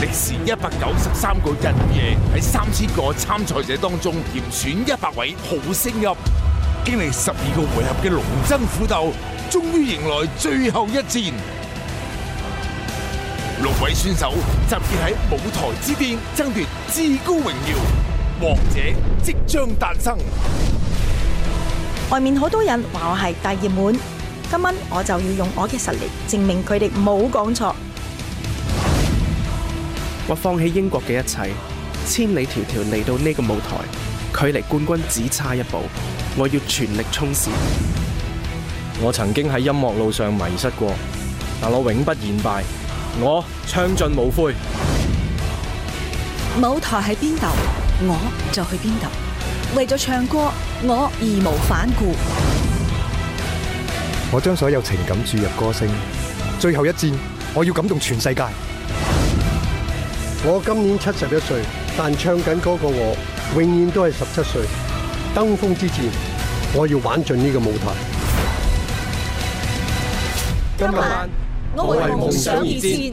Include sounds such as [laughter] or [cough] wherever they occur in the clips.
歷時一百九十三個日夜，喺三千個參賽者當中，嚴選一百位好聲音，經歷十二個回合嘅龍爭虎鬥，終於迎來最後一戰。六位選手集結喺舞台之巔，爭奪至高榮耀，王者即將誕生。外面好多人話我係大熱門，今晚我就要用我嘅實力證明佢哋冇講錯。我放棄英國嘅一切，千里迢迢嚟到呢個舞台，距離冠軍只差一步，我要全力衝刺。我曾經喺音樂路上迷失過，但我永不言敗，我唱盡無悔。舞台喺邊度，我就去邊度。為咗唱歌，我義無反顧。我將所有情感注入歌聲，最後一戰，我要感動全世界。我今年七十一歲，但唱緊嗰個我，永遠都係十七歲。登峯之戰，我要玩盡呢個舞台。今晚我會為夢想而戰。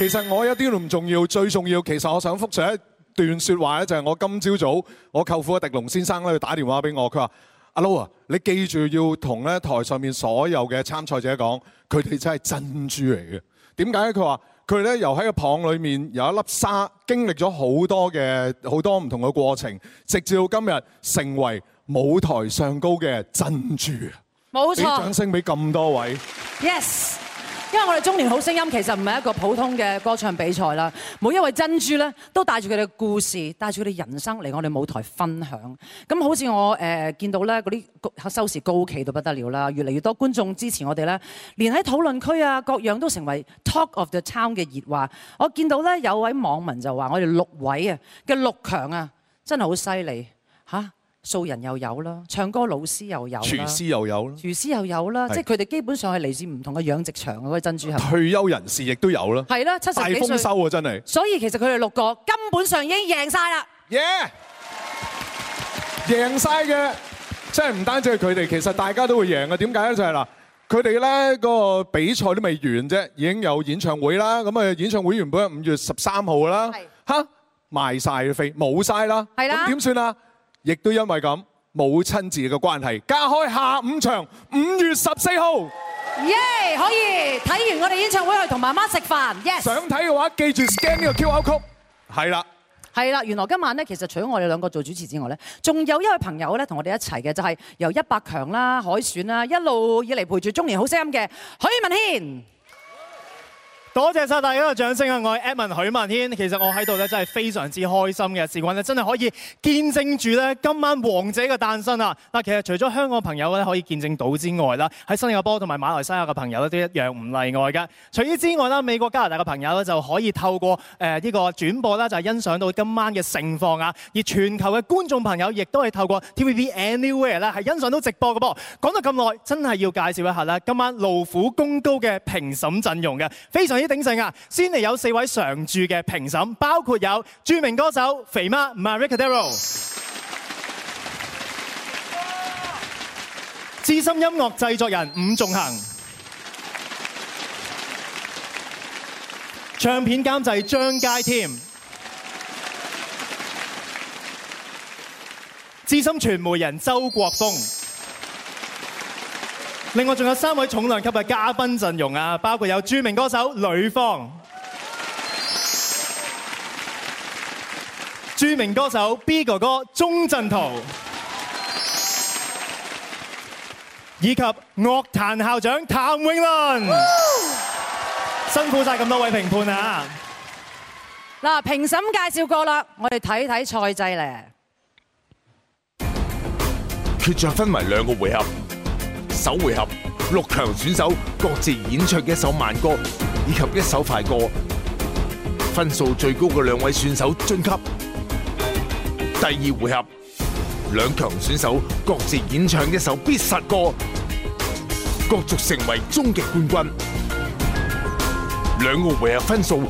其實我一啲都唔重要，最重要其實我想複上一段説話咧，就係我今朝早，早我舅父阿狄龍先生咧，佢打電話俾我，佢話：阿老啊，你記住要同咧台上面所有嘅參賽者講，佢哋真係珍珠嚟嘅。點解咧？佢話佢哋咧由喺個蚌裏面有一粒沙，經歷咗好多嘅好多唔同嘅過程，直至到今日成為舞台上高嘅珍珠。冇錯，啲掌聲俾咁多位。Yes。因為我哋中年好聲音其實唔係一個普通嘅歌唱比賽啦，每一位珍珠呢，都帶住佢嘅故事，帶住佢嘅人生嚟我哋舞台分享。咁好似我看、呃、見到那嗰啲收視高企到不得了啦，越嚟越多觀眾支持我哋咧，連喺討論區啊各樣都成為 talk of the town 嘅熱話。我見到呢有位網民就話：我哋六位啊嘅六強啊真係好犀利嚇！素人又有啦，唱歌老師又有，廚師又有，啦，廚師又有啦，是即係佢哋基本上係嚟自唔同嘅養殖場嗰個珍珠係。退休人士亦都有啦，係啦，七十幾歲，大豐收啊，真係。所以其實佢哋六個根本上已經贏晒啦。耶、yeah!！贏晒嘅，即係唔單止係佢哋，其實大家都會贏嘅。點解咧？就係嗱，佢哋咧嗰個比賽都未完啫，已經有演唱會啦。咁啊，演唱會原本係五月十三號啦，嚇是賣曬飛，冇晒啦。係啦的，咁點算啊？亦都因為咁母親節嘅關係，加開下午場。五月十四號，耶、yeah, 可以睇完我哋演唱會去同媽媽食飯。Yes. 想睇嘅話，記住 scan 呢個 QR code，係啦，係啦。原來今晚咧，其實除咗我哋兩個做主持之外咧，仲有一位朋友咧同我哋一齊嘅，就係、是、由一百強啦，海選啦，一路以嚟陪住中年好聲音嘅許文軒。多謝晒大家嘅掌聲啊！我係 Edwin 許文軒，其實我喺度咧真係非常之開心嘅，事關咧真係可以見證住咧今晚王者嘅誕生啊！嗱，其實除咗香港朋友咧可以見證到之外啦，喺新加坡同埋馬來西亞嘅朋友咧都一樣唔例外嘅。除此之外呢，美國加拿大嘅朋友咧就可以透過呢、呃這個轉播啦，就係欣賞到今晚嘅盛況啊！而全球嘅觀眾朋友亦都係透過 TVB Anywhere 咧係欣賞到直播嘅噃。講得咁耐，真係要介紹一下啦今晚勞苦功高嘅評審陣容嘅，非常。幾鼎盛啊！先嚟有四位常駐嘅評審，包括有著名歌手肥媽 Maria Cordero Wow. 資深音樂製作人伍仲衡、Wow. 唱片監製張佳添、資深傳媒人周國風。另外仲有三位重量級嘅嘉賓陣容啊，包括有著名歌手呂方、著名歌手 B 哥哥鍾鎮濤，以及樂壇校長譚詠麟。辛苦晒咁多位評判啊！嗱，評審介紹過啦，我哋睇睇賽制咧。決賽分為兩個回合。首回合，六強選手各自演唱一首慢歌以及一首快歌，分數最高嘅兩位選手晉級。第二回合，兩強選手各自演唱一首必殺歌，角逐成為終極冠軍。兩個回合分數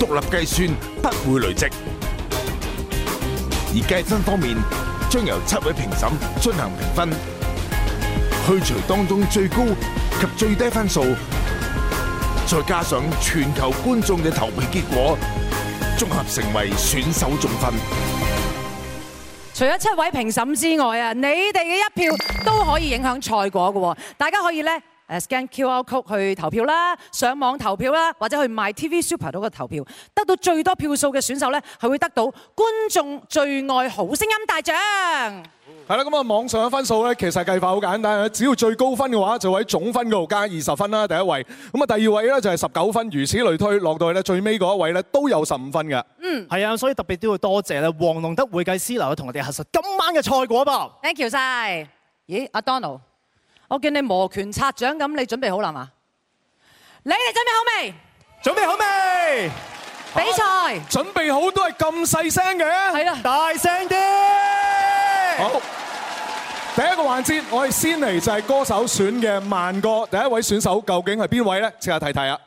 獨立計算，不會累積。而計分方面，將由七位評審進行評分。去除當中最高及最低分數，再加上全球觀眾嘅投票結果，綜合成為選手總分。除咗七位評審之外啊，你哋嘅一票都可以影響賽果噶，大家可以咧，scan QR code 去投票啦，上網投票啦，或者去 myTV Super 度嘅投票，得到最多票數嘅選手咧，係會得到觀眾最愛好聲音大獎。係啦，咁啊網上嘅分數咧，其實計法好簡單，只要最高分嘅話，就喺總分嗰度加二十分啦，第一位。咁啊，第二位咧就係十九分，如此類推，落到去咧最尾嗰一位咧都有十五分嘅。嗯，係啊，所以特別都要多謝咧黃龍德會計師樓同我哋核實今晚嘅賽果噃。Thank you 晒，咦，阿 Donald，我見你摩拳擦掌咁，你準備好啦嘛？你哋準備好未？準備好未？比賽。準備好都係咁細聲嘅。係啦。大聲啲。好。第一個環節，我哋先嚟就係歌手選嘅慢歌，第一位選手究竟係邊位呢？即刻睇睇啊！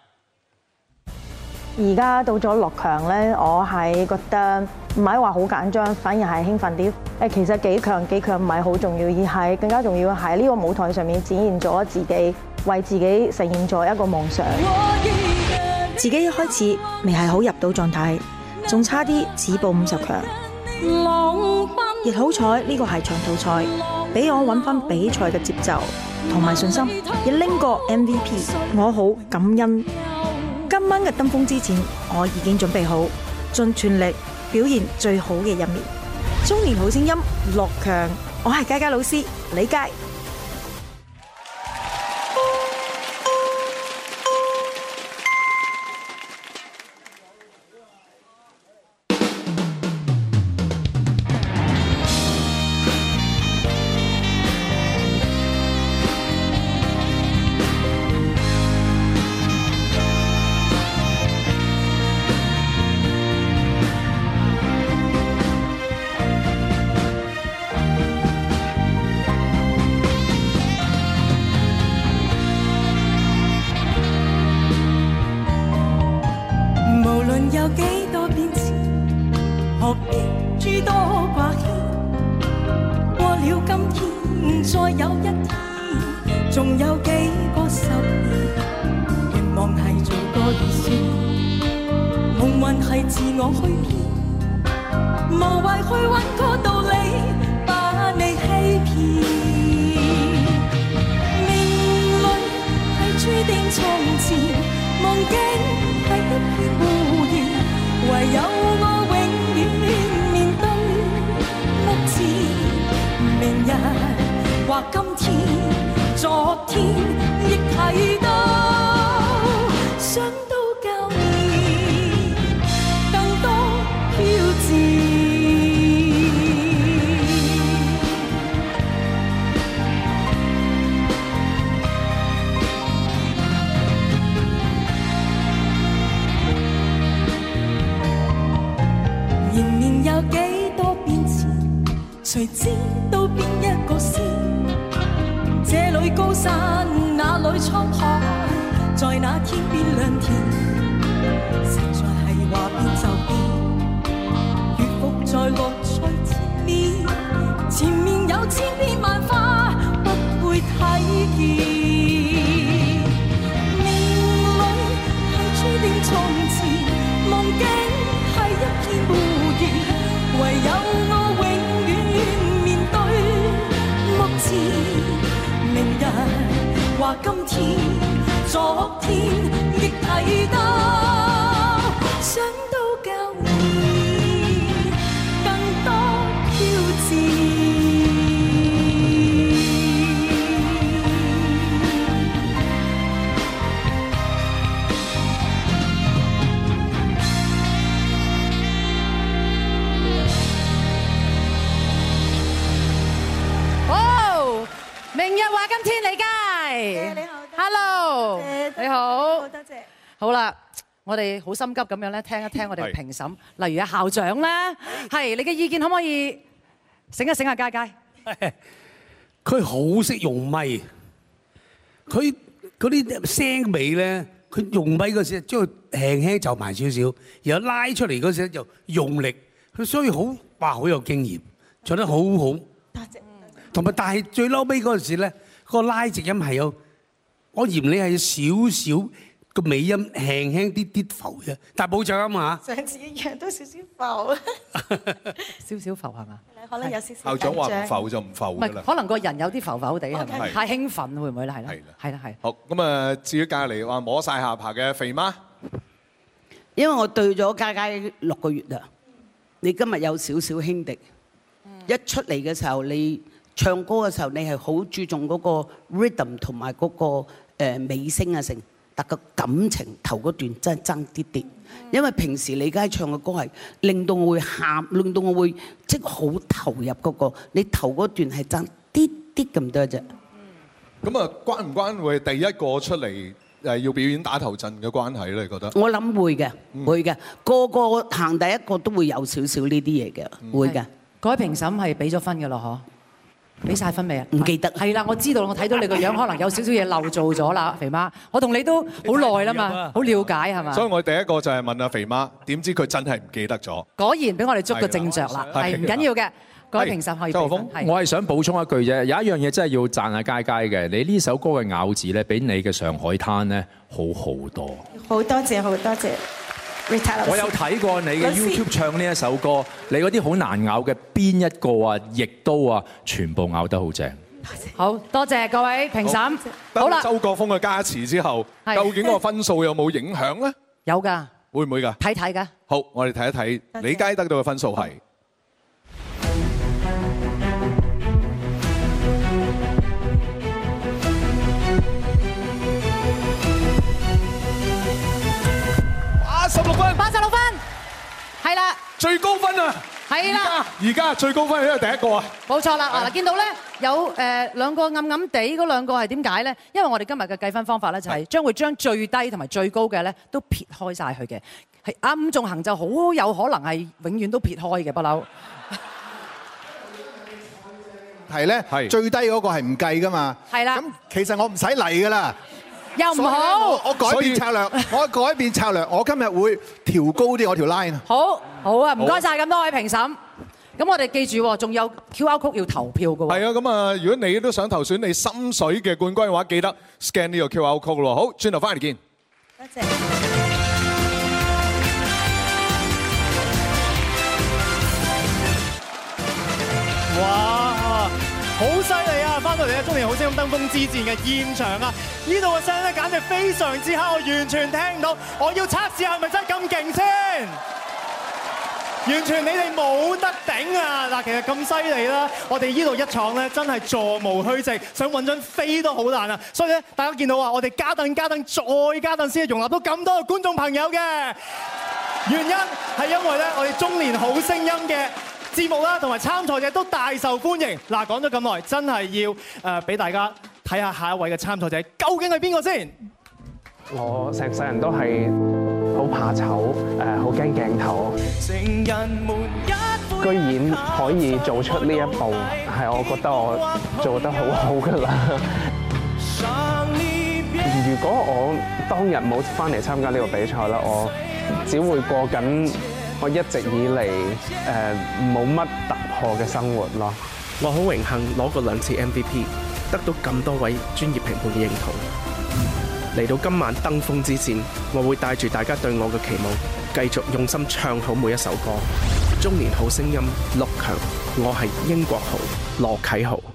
而家到咗六強呢，我係覺得唔係話好緊張，反而係興奮啲。誒，其實幾強幾強唔係好重要，而係更加重要嘅係呢個舞台上面展現咗自己，為自己實現咗一個夢想。自己一開始未係好入到狀態，仲差啲止步五十強，亦好彩呢個係長途賽。俾我揾翻比賽嘅節奏同埋信心，亦拎過 MVP，我好感恩。今晚嘅登峯之戰，我已經準備好盡全力表現最好嘅一面。中年好聲音，樂強，我係佳佳老師李佳。我哋好心急咁樣咧，聽一聽我哋嘅評審，例如阿校長咧，係你嘅意見可唔可以醒一醒啊？佳佳，佢好識用咪，佢嗰啲聲尾咧，佢用咪嗰時將佢輕輕就埋少少，然後拉出嚟嗰時就用力。佢雖然好話好有經驗，唱得好好，同埋但係最嬲尾嗰陣時咧，嗰個拉直音係有，我嫌你係少少。個尾音輕輕啲啲浮啫，但係保障啊嘛嚇，上次一樣都少少浮，少少浮係嘛？可能有少少浮啫。校長話唔浮就唔浮㗎啦，可能個人有啲浮浮地係咪？太興奮會唔會咧？係啦，係啦，係。好咁啊！至於隔離話摸曬下巴嘅肥媽，因為我對咗佳佳六個月啊，你今日有少少輕敵，一出嚟嘅時候，你唱歌嘅時候，你係好注重嗰個 rhythm 同埋嗰個誒尾聲啊成。但個感情頭嗰段真係爭啲啲，因為平時你而家唱嘅歌係令到我會喊，令到我會即係好投入嗰個。你頭嗰段係爭啲啲咁多啫。咁啊，關唔關會第一個出嚟誒要表演打頭陣嘅關係咧？你覺得我諗會嘅，會嘅，個個行第一個都會有少少呢啲嘢嘅，會嘅。各位評審係俾咗分嘅咯，嗬？俾晒分未啊？唔記得係啦，我知道我睇到你個樣，可能有少少嘢漏做咗啦，肥媽。我同你都好耐啦嘛，好了，了解係嘛？所以我第一個就係問阿肥媽，點知佢真係唔記得咗？是的 果然俾我哋捉個正着啦，是是係唔緊要嘅，各位評審可以。周浩峯，我係想補充一句啫，有一樣嘢真係要讚下、啊、佳佳嘅，你呢首歌嘅咬字咧，比你嘅《上海灘》咧好好多。好多謝，好多謝。我有睇過你嘅 YouTube 唱呢一首歌，你嗰啲好難咬嘅邊一個啊，亦都啊，全部咬得好正。好多謝各位評審。好啦，周國峯嘅加持之後，究竟個分數有冇影響咧？有㗎，會唔會㗎？睇睇㗎。好，我哋睇一睇李佳得到嘅分數係。最高分啊！係啦了，而家最高分係邊個第一個啊？冇錯啦，嗱對了，見到咧有誒兩個暗暗地嗰兩個係點解咧？因為我哋今日嘅計分方法咧就係將會將最低同埋最高嘅，咧都撇開晒佢嘅。係伍仲衡就好有可能係永遠都撇開嘅不嬲。係咧的，係是的 最低嗰個係唔計噶嘛？係啦，咁其實我唔使嚟噶啦。又唔好，我改變策略，我改變策略，我今日會調高啲我條 line。好，好啊，唔該晒咁多位評審。咁我哋記住，仲有 QR code 要投票嘅。係啊，咁啊，如果你都想投選你心水嘅冠軍嘅話，記得 scan 呢個 QR code 咯。好，轉頭翻嚟見。多謝。哇！我哋嘅中年好聲音登峰之戰嘅現場啊！呢度嘅聲咧簡直非常之黑，我完全聽唔到。我要測試係咪真係咁勁先，完全你哋冇得頂啊！嗱，其實咁犀利啦，我哋呢度一場咧真係座無虛席，想揾張飛都好難啊！所以咧，大家見到啊，我哋加凳加凳再加凳先，係容納到咁多嘅觀眾朋友嘅原因係因為咧，我哋中年好聲音嘅。節目啦，同埋參賽者都大受歡迎。嗱，講咗咁耐，真係要誒俾大家睇下下一位嘅參賽者究竟係邊個先？我成世人都係好怕醜，誒好驚鏡頭。居然可以做出呢一步，係我覺得我做得好好噶啦。如果我當日冇翻嚟參加呢個比賽啦，我只會過緊我一直以嚟誒冇乜突破嘅生活咯，我好榮幸攞過兩次 MVP，得到咁多位專業評判嘅認同。嚟到今晚登峯之戰，我會帶住大家對我嘅期望，繼續用心唱好每一首歌。中年好聲音六強，我係英國豪，羅啟豪。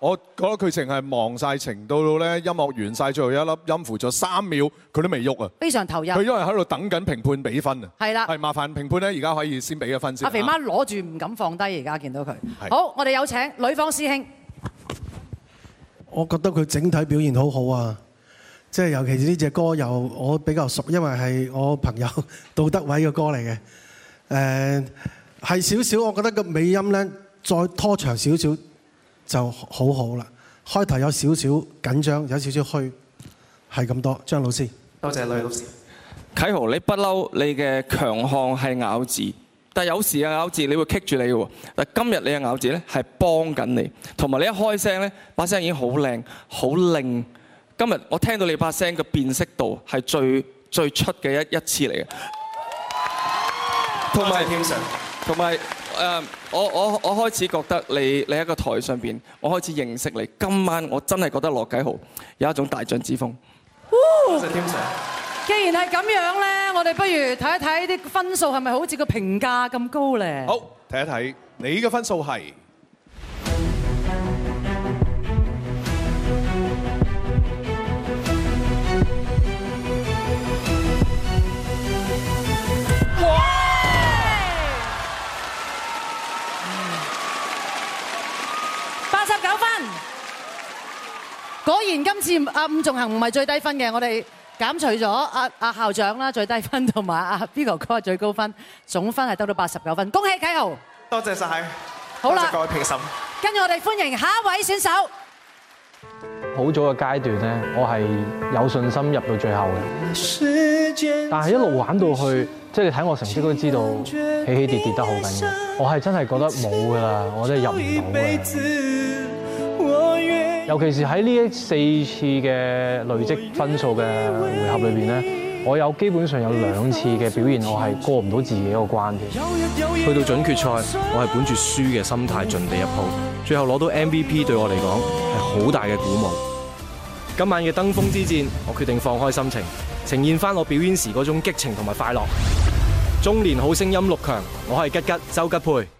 我覺得佢淨係忙曬程度到咧，音樂完曬最後一粒音符，咗三秒佢都未喐啊！非常投入。佢因為喺度等緊評判俾分啊！係啦，係麻煩評判咧，而家可以先俾一分先。阿肥媽攞住唔敢放低，而家見到佢。好，我哋有請呂方師兄。我覺得佢整體表現好好啊，即係尤其是呢隻歌又我比較熟，因為係我朋友杜德偉嘅歌嚟嘅。誒，係少少，我覺得個尾音咧再拖長少少。就好好啦，開頭有少少緊張，有少少虛，係咁多張老師。多謝兩位老師。啟豪，你不嬲你嘅強項係咬字，但係有時嘅咬字你會棘住你嘅喎。但，今日你嘅咬字咧係幫緊你，同埋你一開聲咧，把聲已經好靚好靈。今日我聽到你把聲嘅辨識度係最最出嘅一一次嚟嘅，同埋的，天同埋。誒，我我我開始覺得你你喺個台上邊，我開始認識你。今晚我真係覺得羅繼豪有一種大將之風。哇！既然係咁樣咧，我哋不如睇一睇啲分數係咪好似個評價咁高咧？好，睇一睇你嘅分數係。果然今次阿伍、嗯、仲衡唔係最低分嘅，我哋減除咗阿阿校長啦，最低分，同埋阿 Big 哥最高分，總分係得到八十九分，恭喜啟豪！多謝晒！好啦，各位評審，跟住我哋歡迎下一位選手。好早嘅階段咧，我係有信心入到最後嘅，但係一路玩到去，即係你睇我成績都知道，起起跌跌跌得好緊要。我係真係覺得冇㗎啦，我真係入唔到尤其是喺呢四次嘅累積分數嘅回合裏面，呢我有基本上有兩次嘅表現，我係過唔到自己個關嘅。去到準決賽，我係本住輸嘅心態盡地一鋪，最後攞到 MVP，對我嚟講係好大嘅鼓舞。今晚嘅登峯之戰，我決定放開心情，呈現返我表演時嗰種激情同埋快樂。中年好聲音六強，我係吉吉周吉佩。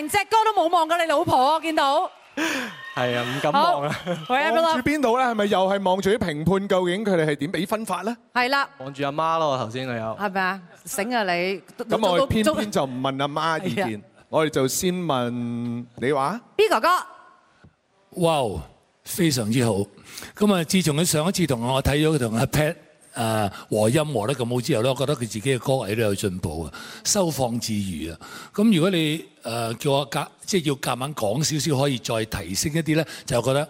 成隻歌都冇望過你老婆，見到係啊，唔敢望啊！望住邊度咧？係咪又係望住啲評判，究竟佢哋係點俾分法咧？係啦，望住阿媽咯，頭先佢有係咪啊？醒啊你！咁我偏偏就唔問阿媽意見，我哋就先問你話 B 哥哥，哇，非常之好！咁啊，自從佢上一次同我睇咗佢同阿 Pat。誒，和音和得咁好之後咧，我覺得佢自己嘅歌位都有進步啊，收放自如啊。咁如果你誒叫我夾，即係要夾硬講少少，可以再提升一啲咧，就覺得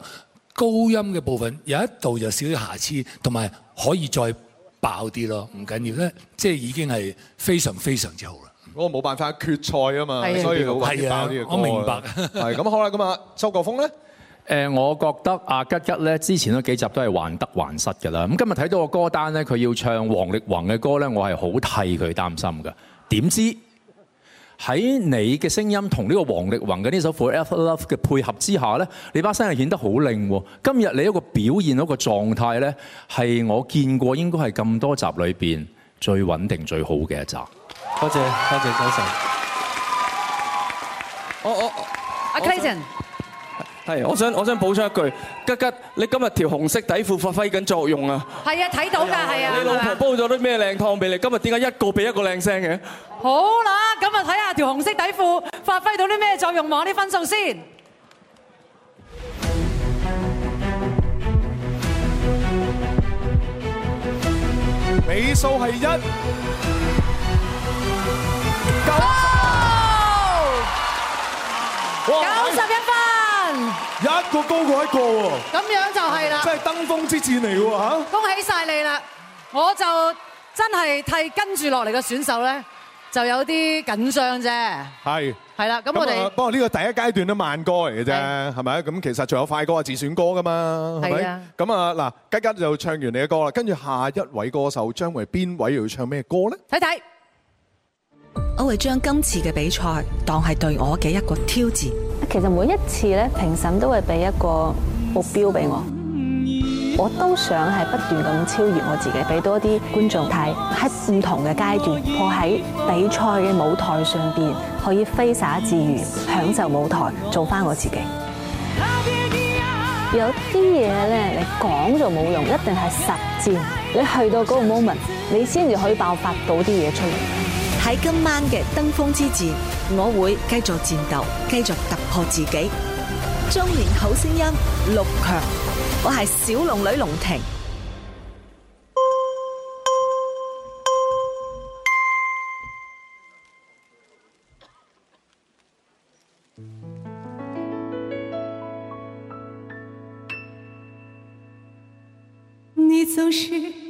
高音嘅部分有一度就少少瑕疵，同埋可以再爆啲咯。唔緊要咧，即係已經係非常非常之好啦。我冇辦法，決賽啊嘛，對 所以好難爆啲嘅歌。我明白。係咁好啦，咁啊，周國峰咧。誒，我覺得阿吉吉咧，之前嗰幾集都係患得患失嘅啦。咁今日睇到個歌單咧，佢要唱王力宏嘅歌咧，我係好替佢擔心嘅。點知喺你嘅聲音同呢個王力宏嘅呢首《For Ever Love》嘅配合之下咧，你把聲係顯得好靚喎。今日你一個表現一個狀態咧，係我見過應該係咁多集裏邊最穩定最好嘅一集。多謝，多謝，謝，多謝，謝。我我阿 Grace。係，我想我想補充一句，吉吉，你今日條紅色底褲發揮緊作用啊！係啊，睇到㗎，係啊，你老婆煲咗啲咩靚湯俾你？今日點解一個比一個靚聲嘅？好啦，咁啊睇下條紅色底褲發揮到啲咩作用啊？攞啲分數先，尾數係一，九，九十一分。一個高過一個喎，咁樣就係啦，即係登峯之戰嚟喎嚇！恭喜曬你啦，我就真係替跟住落嚟嘅選手咧就有啲緊張啫。係係啦，咁我哋不過呢個第一階段都慢歌嚟嘅啫，係咪？咁其實仲有快歌啊，自選歌噶嘛，係咪？咁啊嗱，吉吉就唱完你嘅歌啦，跟住下一位歌手將為邊位要唱咩歌咧？睇睇。我會將今次嘅比賽當係對我嘅一個挑戰。其實每一次咧評審都會俾一個目標俾我，我都想係不斷咁超越我自己，俾多啲觀眾睇。喺唔同嘅階段，破喺比賽嘅舞台上邊可以揮灑自如，享受舞台，做翻我自己。有啲嘢咧，你講就冇用，一定係實戰你。你去到嗰個 moment，你先至可以爆發到啲嘢出嚟。喺今晚嘅登峯之戰，我會繼續戰鬥，繼續突破自己。中年好聲音六強，強，我係小龍女龍婷。你總是。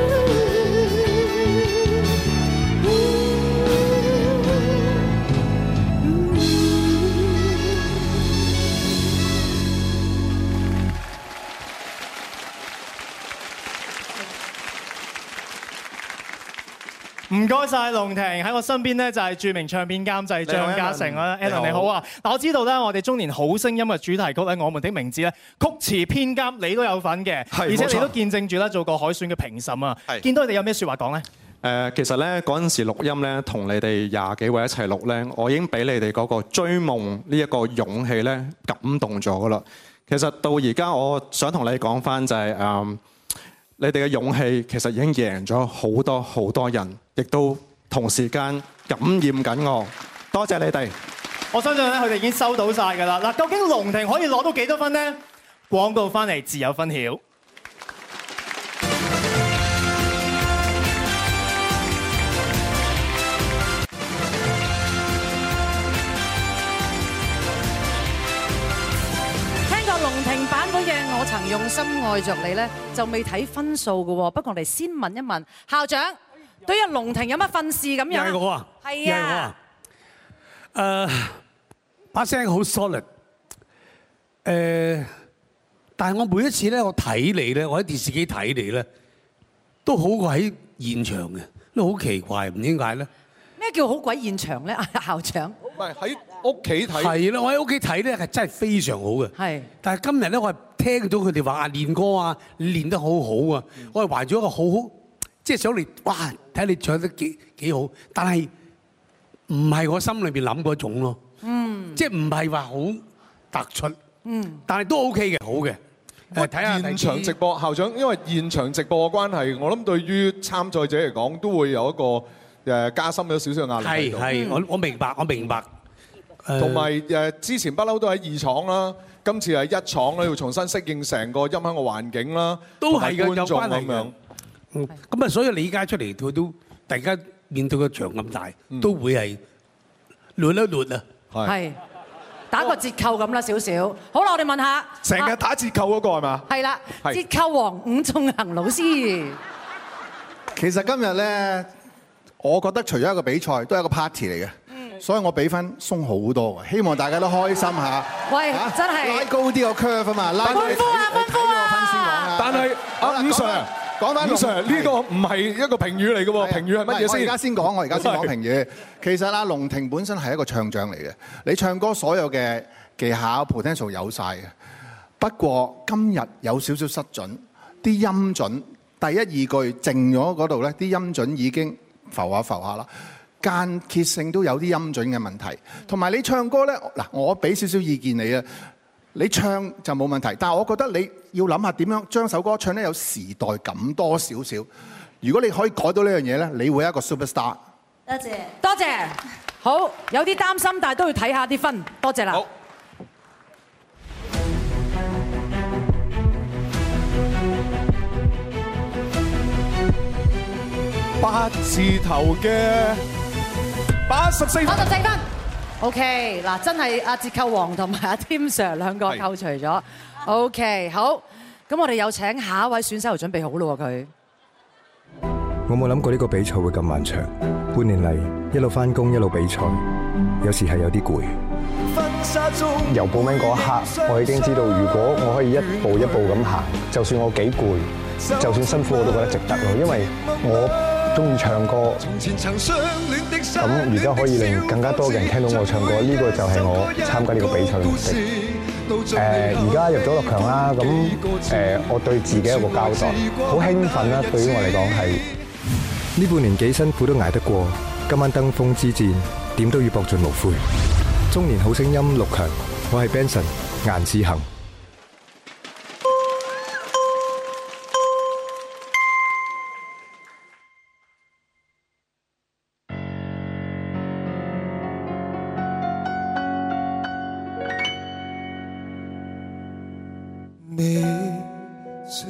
唔該晒，龍婷喺我身邊咧，就係著名唱片監製張家誠啦，Alan 你好啊！嗱，安安安安我知道咧，我哋中年好聲音嘅主題曲咧，《我們的名字》咧，曲詞編監你都有份嘅，而且你都見證住啦，做過海選嘅評審啊，見到你哋有咩説話講咧？誒、呃，其實咧嗰陣時錄音咧，同你哋廿幾位一齊錄咧，我已經俾你哋嗰個追夢呢一個勇氣咧，感動咗噶啦。其實到而家，我想同你講翻就係、是、誒、嗯，你哋嘅勇氣其實已經贏咗好多好多人。亦都同時間感染緊我，多謝你哋。我相信咧，佢哋已經收到晒㗎啦。嗱，究竟龍庭可以攞到幾多分呢？廣告翻嚟，自有分曉。聽過龍庭版本嘅《我曾用心愛着你》咧，就未睇分數㗎喎。不過我哋先問一問校長。對於龍庭有乜訓示咁樣？係我是啊是我，係啊、uh，誒，把聲好 solid。誒，但係我每一次咧，我睇你咧，我喺電視機睇你咧，都好鬼喺現場嘅，都好奇怪，唔知點解咧？咩叫好鬼現場咧，校長？唔係喺屋企睇。係咯，我喺屋企睇咧，係真係非常好嘅。係。是的 但係今日咧，我係聽到佢哋話阿練哥啊，練得好好啊，我係懷咗一個好。即係想嚟，哇！睇你唱得幾幾好，但係唔係我心裏邊諗嗰種咯。嗯，即係唔係話好突出。嗯，但係都 O K 嘅，好嘅。我睇下現場直播校長，因為現場直播嘅關係，我諗對於參賽者嚟講，都會有一個誒加深咗少少嘅壓力。係係，我我明白，我明白。同埋誒，之前不嬲都喺二廠啦，今次係一廠啦，要重新適應成個音響嘅環境啦，大觀眾咁樣。咁啊，所以你而家出嚟都都，大家見到個場咁大，都會係攣一攣啊，係打個折扣咁啦少少。好啦，我哋問下，成日打折扣嗰個係嘛？係啦，折扣王伍仲衡老師。其實今日咧，我覺得除咗一個比賽，都係一個 party 嚟嘅，所以我比分鬆好多嘅，希望大家都開心下。喂，真係拉高啲個 curve 啊嘛，拉高你睇咗個分先講啦。但係阿伍 Sir。講翻 Sir，呢個唔係一個評語嚟嘅喎。評語係乜嘢先？我而家先講，我而家先講評語。其實阿龍庭本身係一個唱將嚟嘅，你唱歌所有嘅技巧 potential 有曬嘅。不過今日有少少失準，啲音準第一二句靜咗嗰度咧，啲音準已經浮下浮下啦，間歇性都有啲音準嘅問題。同埋你唱歌咧，嗱，我俾少少意見你啊，你唱就冇問題，但係我覺得你。要諗下點樣將首歌唱得有時代感多少少，如果你可以改到呢樣嘢咧，你會一個 Superstar。多謝，謝，多謝，謝。好，有啲擔心，但係都要睇下啲分。多謝啦。好。八字頭嘅八十四，八十四分。O K，嗱，okay，真係阿折扣王同埋阿 Tim Sir 兩個扣除咗。OK，好，咁我哋有請下一位選手嚟，準備好咯佢。我冇諗過呢個比賽會咁漫長，半年嚟一路翻工一路比賽，有時係有啲攰。由報名嗰刻，我已經知道如果我可以一步一步咁行，就算我幾攰，就算辛苦，我都覺得值得咯。因為我中意唱歌，咁而家可以令更加多嘅人聽到我唱歌，呢個就係我參加呢個比賽嘅目的。誒、呃，而家入咗六強啦，咁誒、呃，我對自己有個交代，好興奮啦！對於我嚟講係呢半年幾辛苦都捱得過，今晚登峰之戰點都要搏盡無悔。中年好聲音六強，我係 Benson 顏志恒。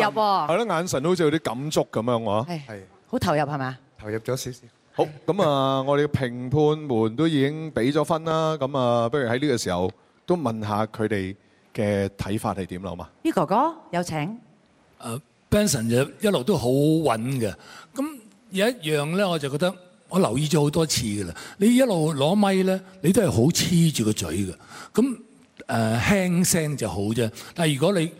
入喎，係咯，眼神都好似有啲感觸咁樣喎，係，好投入係咪？投入咗少少。好，咁啊，是的 我哋嘅評判們都已經俾咗分啦。咁啊，不如喺呢個時候都問下佢哋嘅睇法係點啦，好嘛？咦，哥哥有請一直很。誒，Benson 就一路都好穩嘅。咁有一樣咧，我就覺得我留意咗好多次嘅啦。你一路攞咪咧，你都係好黐住個嘴嘅。咁誒輕聲就好啫。但係如果你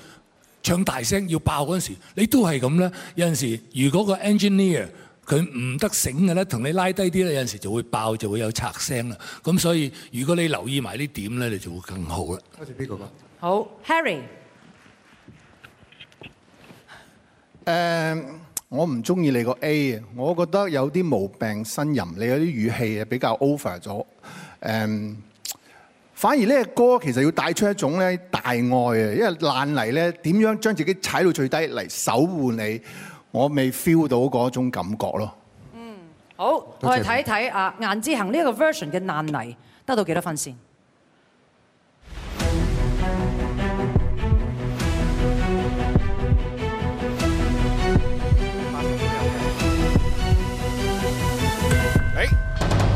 唱大聲要爆嗰陣時，你都係咁咧。有陣時，如果個 engineer 佢唔得醒嘅咧，同你拉低啲咧，有陣時就會爆，就會有拆聲啦。咁所以，如果你留意埋啲點咧，你就會更好啦。跟住邊個講？好，Harry。誒，uh, 我唔中意你個 A 啊，我覺得有啲毛病呻吟，你有啲語氣啊比較 over 咗。誒、uh,。反而呢個歌其實要帶出一種咧大愛啊，因為爛泥咧，點樣將自己踩到最低嚟守護你，我未 feel 到嗰種感覺咯。嗯，好，我哋睇睇啊顏志恒呢一個 version 嘅爛泥得到幾多分先？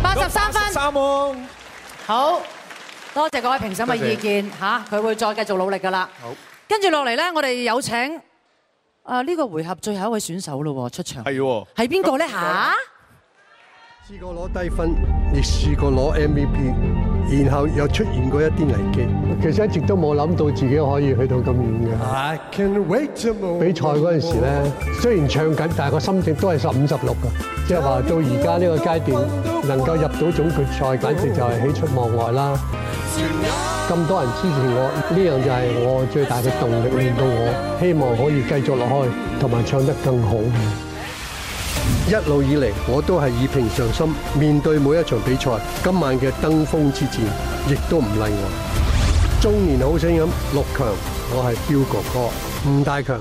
八十三分。好。多謝各位評審嘅意見，嚇佢謝會再繼續努力㗎喇。好，跟住落嚟咧，我哋有請啊呢個回合最後一位選手咯，出場。係喎、哦，係邊個咧？嚇、啊！哈試過攞低分，亦試過攞 MVP，然後又出現過一啲危機。其實一直都冇諗到自己可以去到咁遠嘅。I can wait 比賽嗰陣時咧，雖然唱緊，但係個心情都係十五十六㗎。即係話到而家呢個階段，能夠入到總決賽，oh, oh. 簡直就係喜出望外啦！咁多人支持我，呢樣就係我最大嘅動力，令到我希望可以繼續落去，同埋唱得更好。一路以嚟，我都係以平常心面對每一場比賽，今晚嘅登峰之戰亦都唔例外。中年好聲音六強，我係彪哥哥吳大強。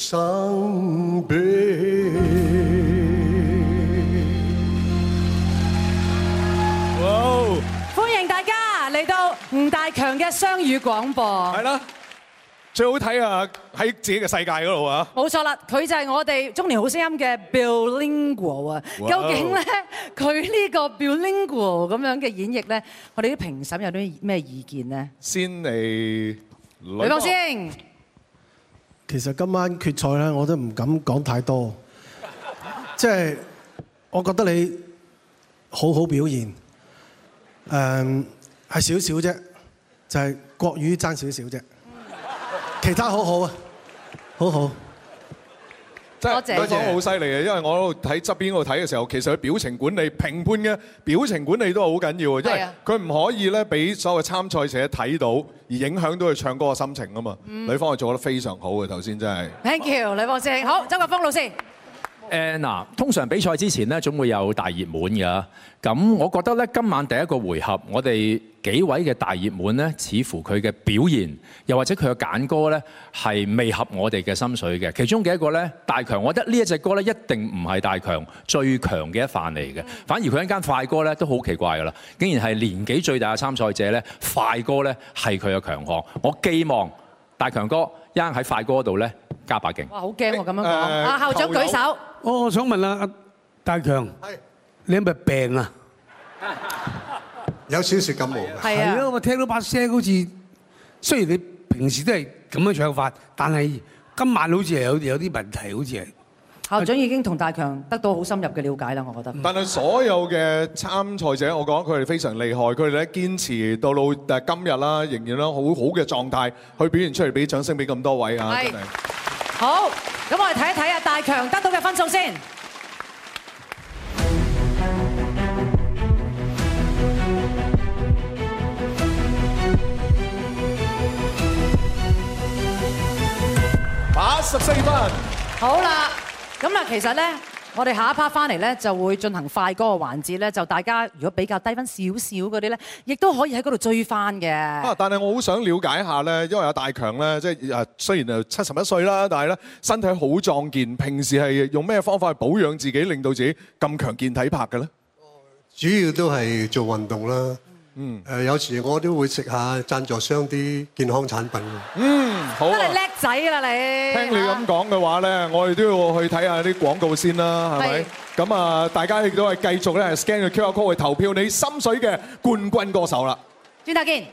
生悲。哦、歡迎大家嚟到吳大強嘅雙語廣播。係啦，最好睇啊！喺自己嘅世界嗰度啊。冇錯啦，佢就係我哋中年好聲音嘅 Bilingual 啊。哦、究竟咧，佢呢個 Bilingual 咁樣嘅演繹咧，我哋啲評審有啲咩意見呢？先嚟女方先。其實今晚決賽呢，我都唔敢講太多。即係我覺得你好好表現，嗯，嗯係少少啫，就係、是、國語爭少少啫，其他好好啊，好好。很好。佢講得好犀利啊，因為我喺側邊嗰度睇嘅時候，其實佢表情管理、評判嘅表情管理都係好緊要，因為佢唔可以咧俾所謂參賽者睇到而影響到佢唱歌嘅心情啊嘛。女方係做得非常好嘅，頭先真係。Thank you，方博士，好，周國峰老師。誒嗱，通常比賽之前咧總會有大熱門㗎。咁我覺得咧今晚第一個回合，我哋幾位嘅大熱門咧，似乎佢嘅表現，又或者佢嘅揀歌咧，係未合我哋嘅心水嘅。其中嘅一個咧，大強，我覺得呢一隻歌咧一定唔係大強最強嘅一範嚟嘅。嗯、反而佢喺間快歌咧都好奇怪噶啦，竟然係年紀最大嘅參賽者咧，快歌咧係佢嘅強項。我寄望大強哥一陣喺快歌度咧加把勁。哇！好驚我咁樣講，呃、啊校長舉手。我想問啊，大強，你係咪病啊？有少少感冒。係啊。我聽到把聲好似，雖然你平時都係咁樣唱法，但係今晚好似有有啲問題，好似係。校長已經同大強得到好深入嘅了解啦，我覺得。但係所有嘅參賽者，我覺得佢哋非常厲害，佢哋咧堅持到到今日啦，仍然咧好好嘅狀態去表現出嚟，俾掌聲俾咁多位啊！真係。好。咁我哋睇一睇阿大強得到嘅分數先，八十四分。好啦，咁啊，其實咧。我哋下一 part 翻嚟咧，就會進行快歌嘅環節咧。就大家如果比較低分少少嗰啲咧，亦都可以喺嗰度追翻嘅。啊！但係我好想了解一下咧，因為阿大強咧，即係誒雖然係七十一歲啦，但係咧身體好壯健，平時係用咩方法去保養自己，令到自己咁強健體魄嘅咧？主要都係做運動啦。嗯，誒有時我都會食下贊助商啲健康產品。嗯，好，叻仔㗎啦你。聽你咁講嘅話咧，我哋都要去睇下啲廣告先啦，係咪？咁啊，大家亦都係繼續咧 scan 嘅 QR code 去投票你心水嘅冠軍歌手啦。轉頭見。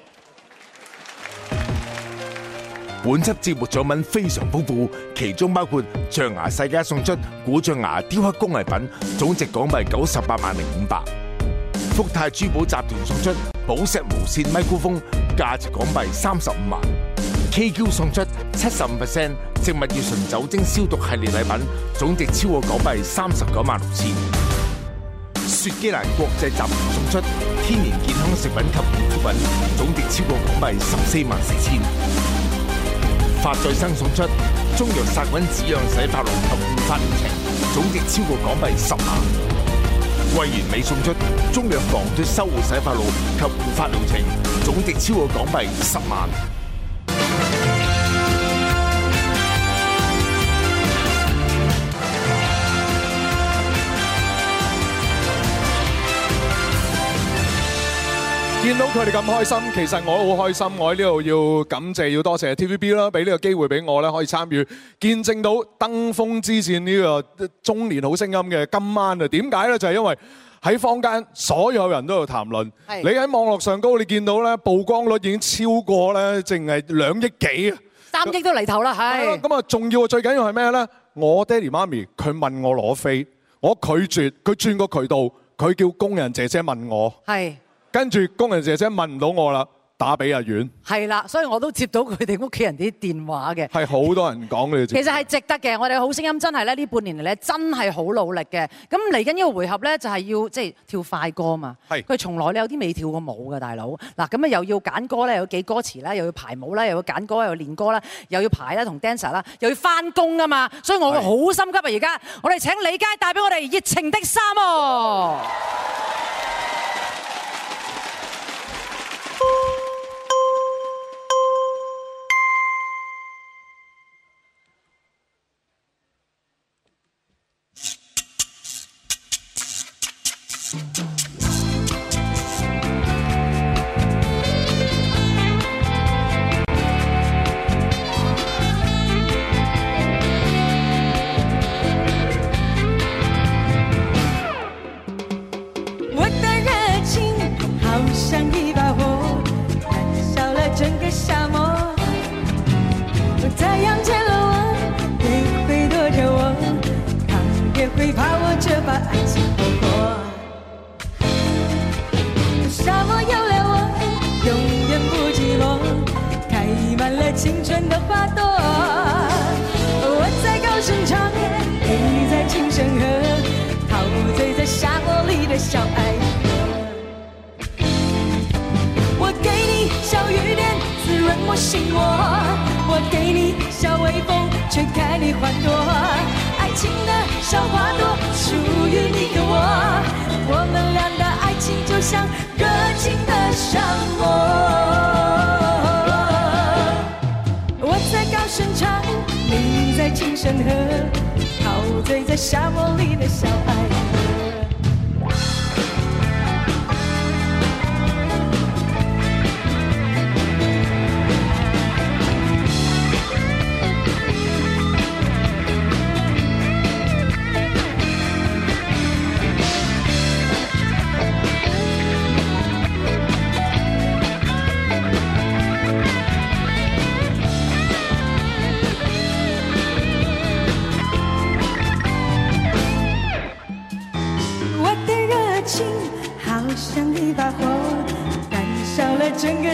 本輯節目獎品非常豐富，其中包括象牙世家送出古象牙雕刻工藝品，總值港幣九十八萬零五百。福泰珠寶集團送出寶石無綫咪高峰，價值港幣三十五萬；KQ 送出七十五 percent 植物乙醇酒精消毒系列禮品，總值超過港幣三十九萬六千；雪肌蘭國際集團送出天然健康食品及護膚品，總值超過港幣十四萬四千；髮再生送出中藥殺菌止癢洗髮露及護髮療程，總值超過港幣十萬。桂完美送出中藥防脫修護洗髮露髮露及護髮療程，總值超過港幣十萬。見到佢哋咁開心，其實我都好開心。我喺呢度要感謝，要多謝 TVB 啦，俾呢個機會俾我咧，可以參與，見證到登峯之戰呢個中年好聲音嘅今晚啊。點解咧？就係因為喺坊間所有人都有談論，你喺網絡上高，你見到咧曝光率已經超過咧，淨係兩億幾啊，三億都嚟頭啦，係。咁啊，仲要最緊要係咩咧？我爹哋媽咪佢問我攞飛，我拒絕，佢轉個渠道，佢叫工人姐姐問我。係。跟住工人姐姐問唔到我啦，打俾阿婉。係啦，所以我都接到佢哋屋企人啲電話嘅。係好多人講呢，其實係值得嘅，我哋好聲音真係咧呢半年嚟咧真係好努力嘅。咁嚟緊呢個回合咧就係要即係、就是、跳快歌啊嘛。係的。佢從來咧有啲未跳過舞嘅大佬。嗱，咁啊又要揀歌咧，又要記歌詞啦，又要排舞啦，又要揀歌，又練歌啦，又要排啦，同 dancer 啦，又要翻工啊嘛。所以我好心急啊！而家我哋請李佳帶俾我哋熱情的沙。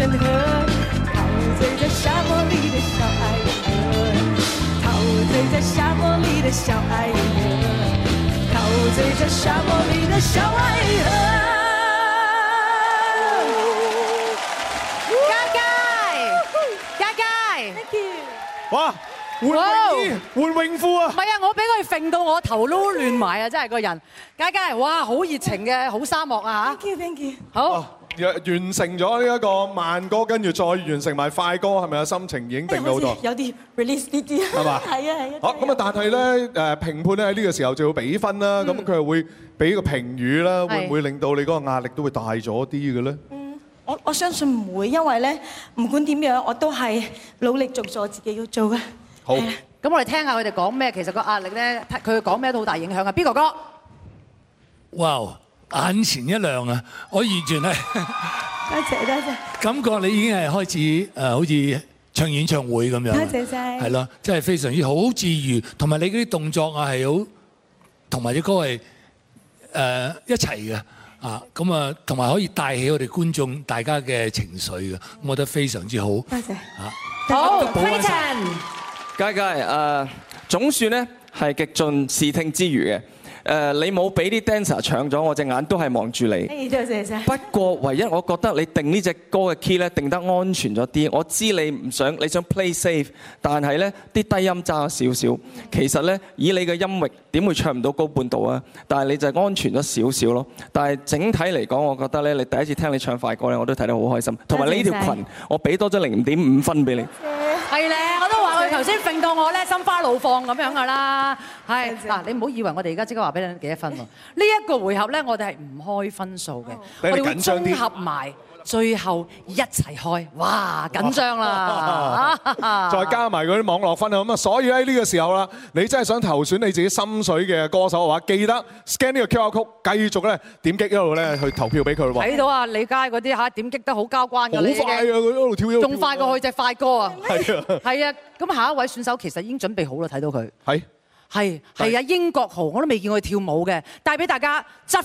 陶醉在沙漠裏的小愛河，陶醉在沙漠裏的小愛河，陶醉在沙漠裏的小愛河。佳佳，佳佳，Thank you。哇，換泳衣，換泳褲啊！唔係啊，我俾佢揈到我頭都亂埋啊！Okay. 真係個人，佳佳，哇，好熱情嘅，好沙漠啊！Thank you，Thank you。You. 好。Oh. 完完成咗呢一個慢歌，跟住再完成埋快歌，係咪啊？心情已經定咗好多，有啲 release 啲啲係嘛？係啊係啊。好，咁啊，但係咧誒評判咧喺呢個時候就要俾分啦，咁佢又會俾個評語啦，會唔會令到你嗰個壓力都會大咗啲嘅咧？嗯，我我相信唔會，因為咧，唔管點樣，我都係努力做住我自己要做嘅。好，咁我哋聽下佢哋講咩。其實個壓力咧，佢講咩都好大影響呀。B 哥哥，哇！眼前一亮啊！我完全係，多謝多謝，謝謝，感覺你已經係開始誒，好似唱演唱會咁樣。多謝晒！係咯，真係非常之好，治癒，同埋你嗰啲動作啊係好，同埋啲歌係誒一齊嘅啊，咁啊，同埋可以帶起我哋觀眾大家嘅情緒嘅，我覺得非常之好。謝謝好。多謝吓，好，嘉嘉誒，總算咧係極盡視聽之餘嘅。誒，你冇俾啲 dancer 搶咗，我隻眼都係望住你。謝謝。不過，唯一我覺得你定呢隻歌嘅 key 咧，定得安全咗啲。我知你唔想，你想 play safe，但係呢啲低音揸少少。其實呢，以你嘅音域，點會唱唔到高半度啊？但係你就安全咗少少咯。但係整體嚟講，我覺得呢，你第一次聽你唱快歌呢，我都睇得好開心。同埋呢條裙，我俾多咗零點五分俾你。多謝。係你。謝謝你。頭先揈到我呢，心花怒放咁樣噶啦，你唔好以為我哋而家即刻話俾你幾多分喎。呢一個回合呢，我哋係唔開分數嘅，你一點我要綜合埋。最後一齊開，哇！緊張啦，再加埋嗰啲網絡分享！咁啊，所以喺呢個時候啦，你真係想投選你自己心水嘅歌手嘅話，記得 scan 呢個 QR Code，繼續咧點擊一路咧去投票俾佢咯喎。睇到啊，李佳嗰啲嚇點擊得好交關嘅，好快啊！佢一路跳一，仲快過佢隻快歌啊！係啊，係啊！咁下一位選手其實已經準備好啦，睇到佢係係係啊！英國豪我都未見佢跳舞嘅，帶俾大家疾風。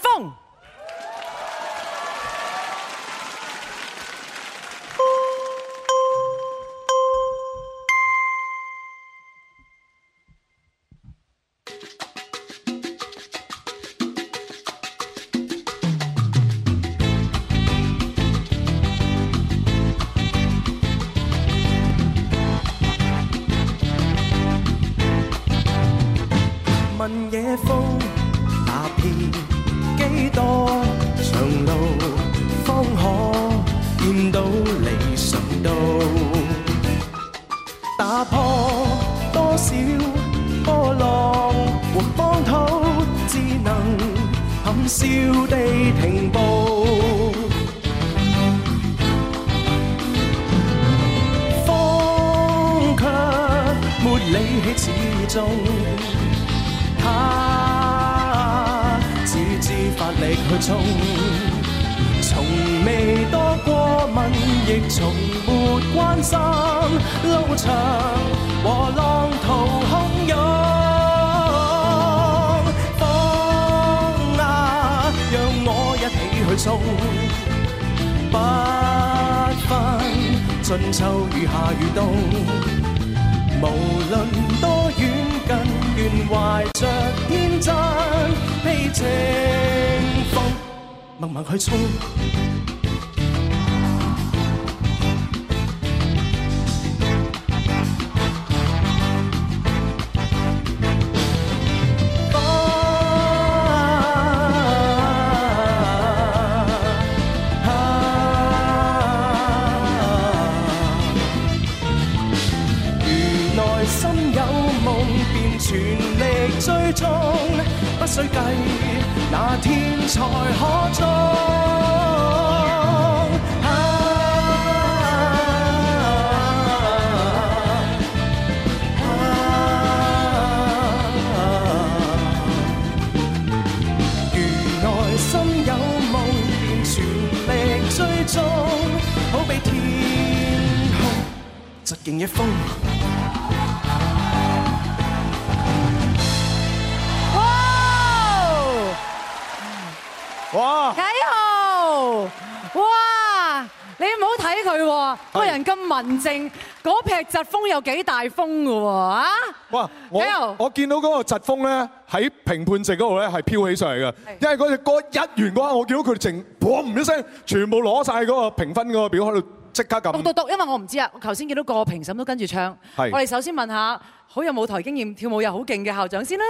疾風有幾大風嘅喎啊！哇！我我見到嗰個疾風咧喺評判席嗰度咧係飄起上嚟嘅，因為嗰隻歌一完嘅話，我見到佢哋靜噉唔一聲，全部攞晒嗰個評分嗰個表喺度即刻噉。篤篤篤，因為我唔知啊，我頭先見到個評審都跟住唱。係，我哋首先問下好有舞台經驗、跳舞又好勁嘅校長先啦。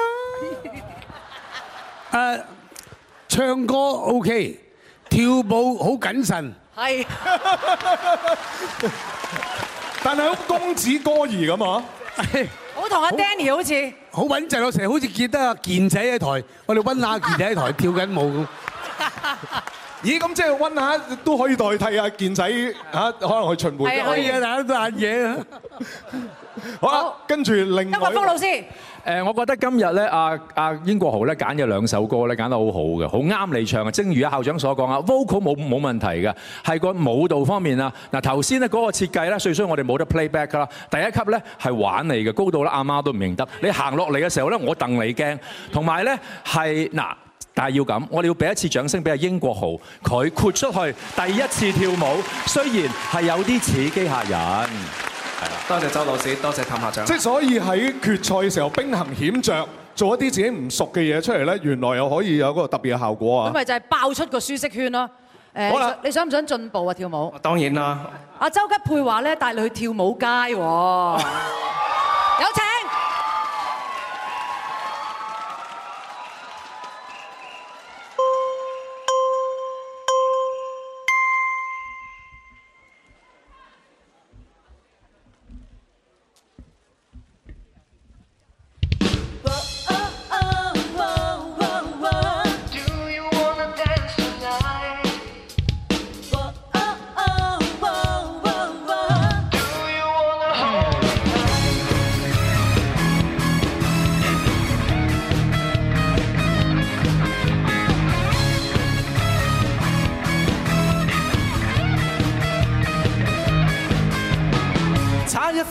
誒，唱歌 OK，跳舞好謹慎。係。.但係好公子哥兒咁啊！我同阿 Danny 好似，好穩陣咯，成日好似見到阿健仔喺台，我哋温雅健仔喺台跳緊舞咁。 [laughs] 咦咁即係温下都可以代替啊健仔嚇，可能去巡迴都可以啊，大嘢啊！好，跟住另一個麥風老師。誒，我覺得今日咧，阿阿英國豪咧揀咗兩首歌咧，揀得好好嘅，好啱你唱啊。正如阿校長所講啊，vocal 冇冇問題嘅，係個舞蹈方面啊。嗱頭先咧嗰個設計咧，雖雖我哋冇得 play back 啦。第一級咧係玩嚟嘅，高度啦，阿媽都唔認得。你行落嚟嘅時候咧，我戥你驚。同埋咧係嗱。但係要咁，我哋要俾一次掌聲俾阿英國豪，佢豁出去第一次跳舞，雖然係有啲似機械人。係啊，多謝周老師，多謝譚校長。即係所以喺決賽嘅時候，兵行險著，做一啲自己唔熟嘅嘢出嚟咧，原來又可以有嗰個特別嘅效果啊！咁咪就係爆出個舒適圈咯。誒，好吧 你想唔想進步啊跳舞？當然啦。阿周吉佩華咧帶你去跳舞街喎。 [laughs] 有請。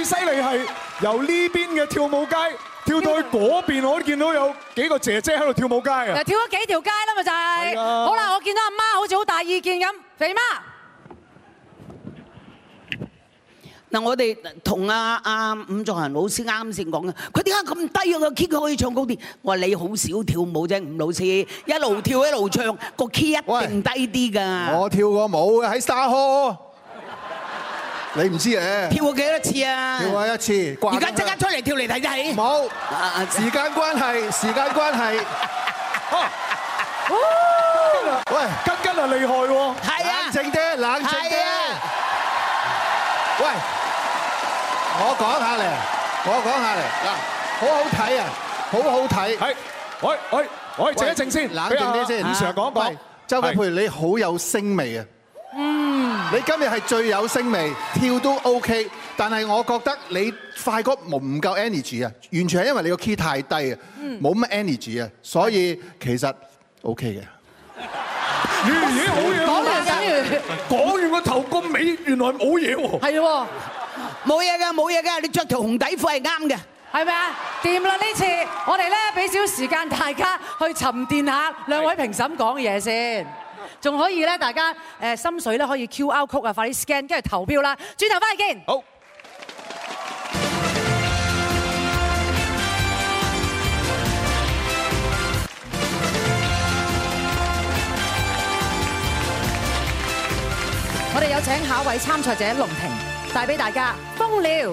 最犀利係由呢邊嘅跳舞街跳到去嗰邊，我都見到有幾個姐姐喺度跳舞街啊！跳咗幾條街啦，咪就係。好啦，我見到阿媽好似好大意見咁，肥媽。嗱，我哋同阿阿伍仲衡老師啱先講啊，佢點解咁低啊，個 key 佢可以唱高啲？我話你好少跳舞啫，伍老師一路跳一路唱，個 key 一定低啲㗎。我跳過舞嘅喺沙河。你唔知啊？跳過幾多次啊？跳過一次，而家即刻出嚟跳嚟睇睇。冇，時間關係，時間關係。喂，根根啊，厲害喎！係啊，冷靜啲，冷靜啲。喂，我講下嚟，我講下嚟，嗱，好好睇啊，好好睇。係，喂喂喂，靜一靜先，冷靜啲先。唔常講講，周柏培你好有聲味啊！嗯，你今日係最有聲味，跳都 OK，但係我覺得你快歌冇唔夠 energy 啊，完全係因為你個 key 太低啊，冇乜 energy 啊，所以其實 OK 嘅。遠遠好遠，講完講完個頭咁尾，原來冇嘢喎。係喎，冇嘢㗎，冇嘢㗎，你著條紅底褲係啱嘅，係咪啊？掂啦呢次，我哋咧俾少時間大家去沉澱下，兩位評審講嘢先。仲可以咧，大家誒心水咧，可以 Q R 曲啊，快啲 scan，跟住投票啦！轉頭翻去見。好，我哋有請下一位參賽者龍婷，帶俾大家《瘋了》。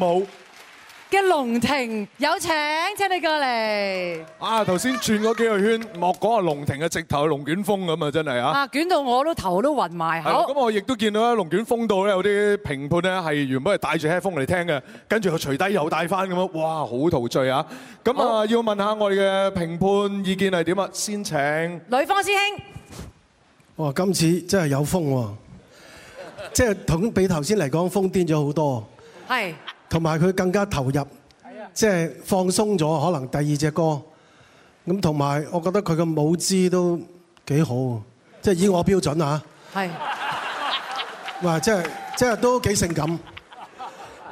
冇嘅龍庭有請，請你過嚟。啊，頭先轉咗幾個圈，莫講阿龍庭嘅直頭係龍捲風咁啊，真係啊！啊，捲到我都頭都暈埋。係，咁我亦都見到咧，龍捲風度咧有啲評判咧係原本係戴住 headphone 嚟聽嘅，跟住佢除低又戴翻咁咯。哇，好陶醉啊！咁啊，要問下我哋嘅評判意見係點啊？先請女方師兄。哇，今次真係有風喎，即係同比頭先嚟講風癲咗好多。係。同埋佢更加投入，即係放鬆咗，可能第二隻歌咁。同埋我覺得佢嘅舞姿都幾好，即係以我標準啊！係是的、就是，哇！即係即係都幾性感，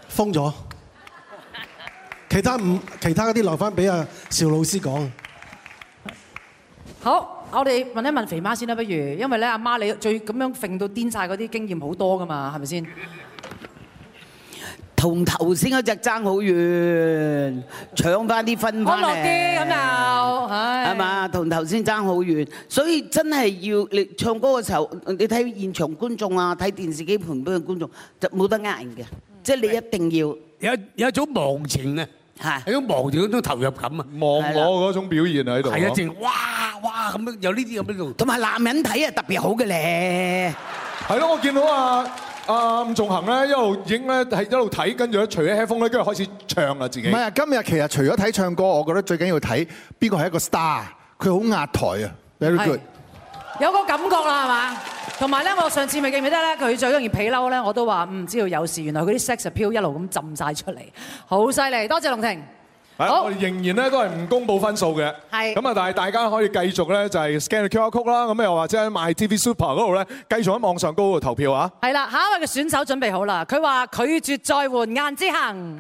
封咗。其他唔其他啲留翻俾阿邵老師講。好，我哋問一問肥媽先啦，不如，因為咧阿媽,媽你最咁樣揈到癲晒嗰啲經驗好多㗎嘛，係咪先？同頭先嗰隻爭好遠，搶翻啲分翻咧。安樂啲咁又，係嘛？同頭先爭好遠，所以真係要你唱歌嘅時候，你睇現場觀眾啊，睇電視機旁嗰種觀眾，就冇得呃人嘅，即係你一定要有有一種忘情啊，係有種忘掉嗰種投入感啊，忘我嗰種表現喺度。係啊，淨哇哇咁樣有呢啲咁樣度。同埋男人睇係特別好嘅咧，係咯，我見到啊。啊，伍仲、嗯、衡，咧一路影咧，係一路睇，跟住咧除咗 headphone 咧，跟住開始唱啦自己。唔係啊，今日其實除咗睇唱歌，我覺得最緊要睇邊個係一個 star，佢好壓台啊，very good。有個感覺啦係嘛，同埋咧我上次咪記唔記得咧，佢最中意皮褸咧，我都話唔知道有事，原來佢啲 sex appeal 一路咁浸晒出嚟，好犀利，多謝龍婷。好我哋仍然咧都係唔公布分數嘅，咁啊是，但係大家可以繼續咧就係 scan QR Code，啦，咁又或者喺 myTV Super 嗰度咧繼續喺網上高度投票啊。係啦，下一位嘅選手準備好啦，佢話拒絕再換硬之行。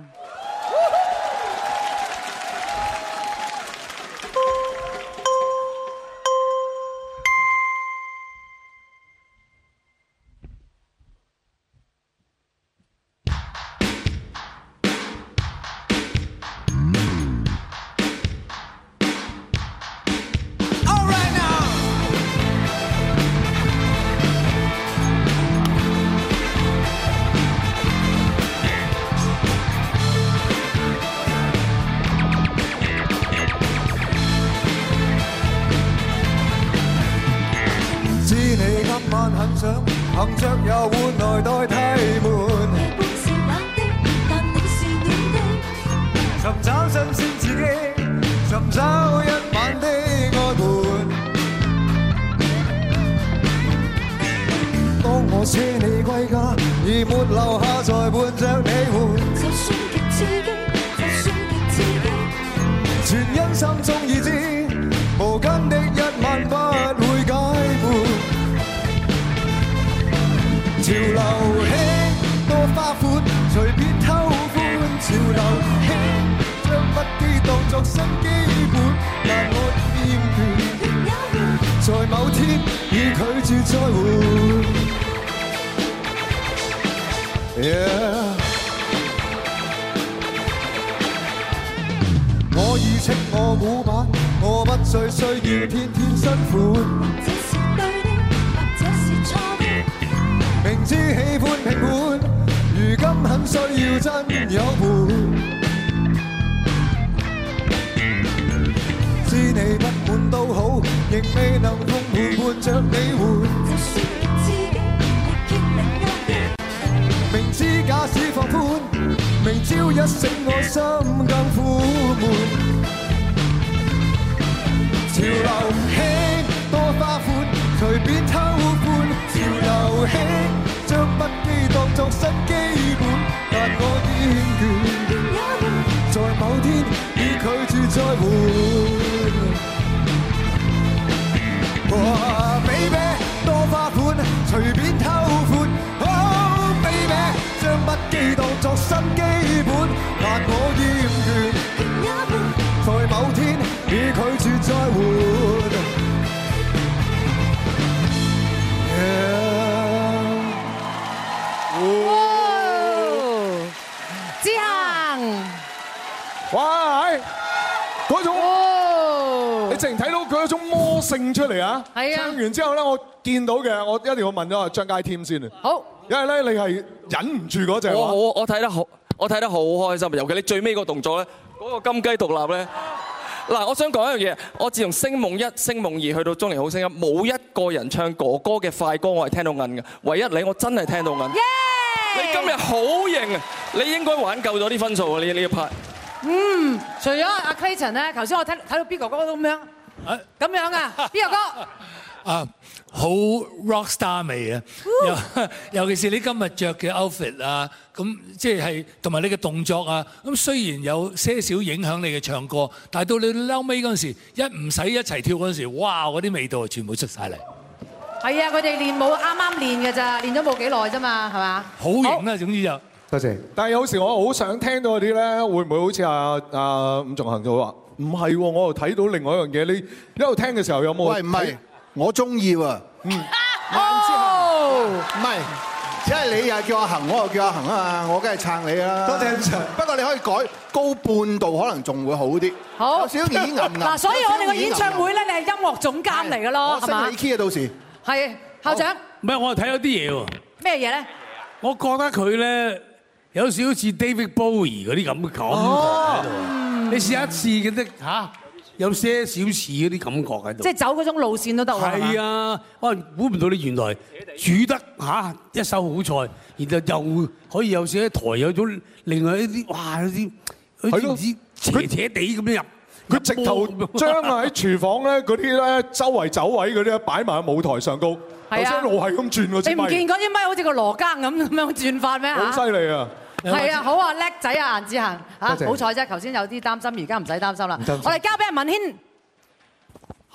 勝出嚟啊！唱完之後咧，我見到嘅，我一定要問咗阿張佳添先。好，因為咧，你係忍唔住嗰隻。我我睇得好，我睇得好開心，尤其你最尾嗰個動作咧，嗰個金雞獨立咧。嗱，我想講一樣嘢，我自從星夢一、星夢二去到中年好聲音，冇一個人唱哥哥嘅快歌，我係聽到銀嘅，唯一你，我真係聽到銀。你今日好型，你應該玩夠咗啲分數啊！呢呢一排。嗯，除咗阿 Clayton 咧，頭先我睇睇到 Big 哥哥都咁樣。咁樣啊，B 肉哥，啊，好 rock star 味啊！尤其是你今日着嘅 outfit 啊，咁即係同埋你嘅動作啊，咁雖然有些少影響你嘅唱歌，但係到你嬲尾嗰陣時，一唔使一齊跳嗰陣時，哇！嗰啲味道全部出晒嚟。係啊，佢哋練舞啱啱練㗎咋，練咗冇幾耐啫嘛，係嘛？好型啊，總之就多謝，謝。但係有時我好想聽到啲咧，會唔會好似啊啊伍仲衡咁唔係喎，我又睇到另外一樣嘢。你一度聽嘅時候有冇？喂，唔係，我中意喎。嗯，萬千後，唔係，只係你又叫阿衡，我又叫阿衡啊嘛，我梗係撐你啊，多謝，不過你可以改高半度，可能仲會好啲。好，少點銀嗱，所以我哋個演唱會咧，你係音樂總監嚟嘅咯，係嘛？我識 A K 到時。係，校長。唔係，我又睇咗啲嘢喎。咩嘢咧？我覺得佢咧有少少似 David Bowie 嗰啲咁嘅喺度。你試一次嘅啫，嚇，有些小事嗰啲感覺喺度。即係走嗰種路線都得喎。係啊，哇！估唔到你原來煮得嚇一手好菜，然後又可以有時一台有種另外一啲哇，有啲唔知斜斜地咁樣入。佢直頭將喺廚房咧嗰啲咧，周圍走位嗰啲擺埋喺舞台上高，一路係咁轉喎。你唔見嗰啲咪好似個羅庚咁咁樣轉法咩？好犀利啊！係啊，好啊，叻仔啊，顏志恒啊，謝謝，好彩啫。頭先有啲擔心，而家唔使擔心啦。擔心我哋交俾阿文軒。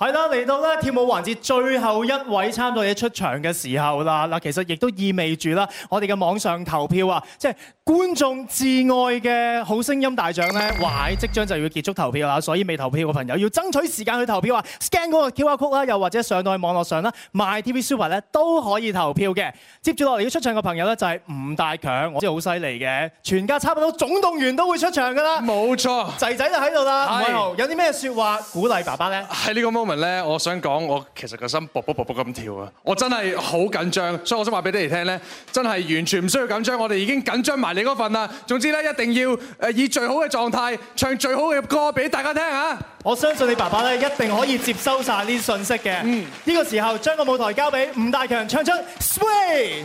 係啦，嚟到咧跳舞環節最後一位參賽者出場嘅時候啦，嗱其實亦都意味住啦，我哋嘅網上投票啊，即係觀眾至愛嘅好聲音大獎咧，快即將就要結束投票啦，所以未投票嘅朋友要爭取時間去投票啊，scan 嗰個 QR code 啦，又或者上到去網絡上啦 m TV Super 咧都可以投票嘅。接住落嚟要出場嘅朋友咧就係吳大強，我知好犀利嘅，全家差唔多總動員都會出場㗎啦，冇錯，仔仔就喺度啦，有啲咩說話鼓勵爸爸咧？喺呢個 moment。咧，我想講，我其實個心卜卜卜卜咁跳啊，我真係好緊張，所以我想話俾你哋聽咧，真係完全唔需要緊張，我哋已經緊張埋你嗰份啦。總之咧，一定要誒以最好嘅狀態唱最好嘅歌俾大家聽啊！我相信你爸爸咧一定可以接收晒呢啲信息嘅。呢個時候將個舞台交俾吳大強，唱出 Sway。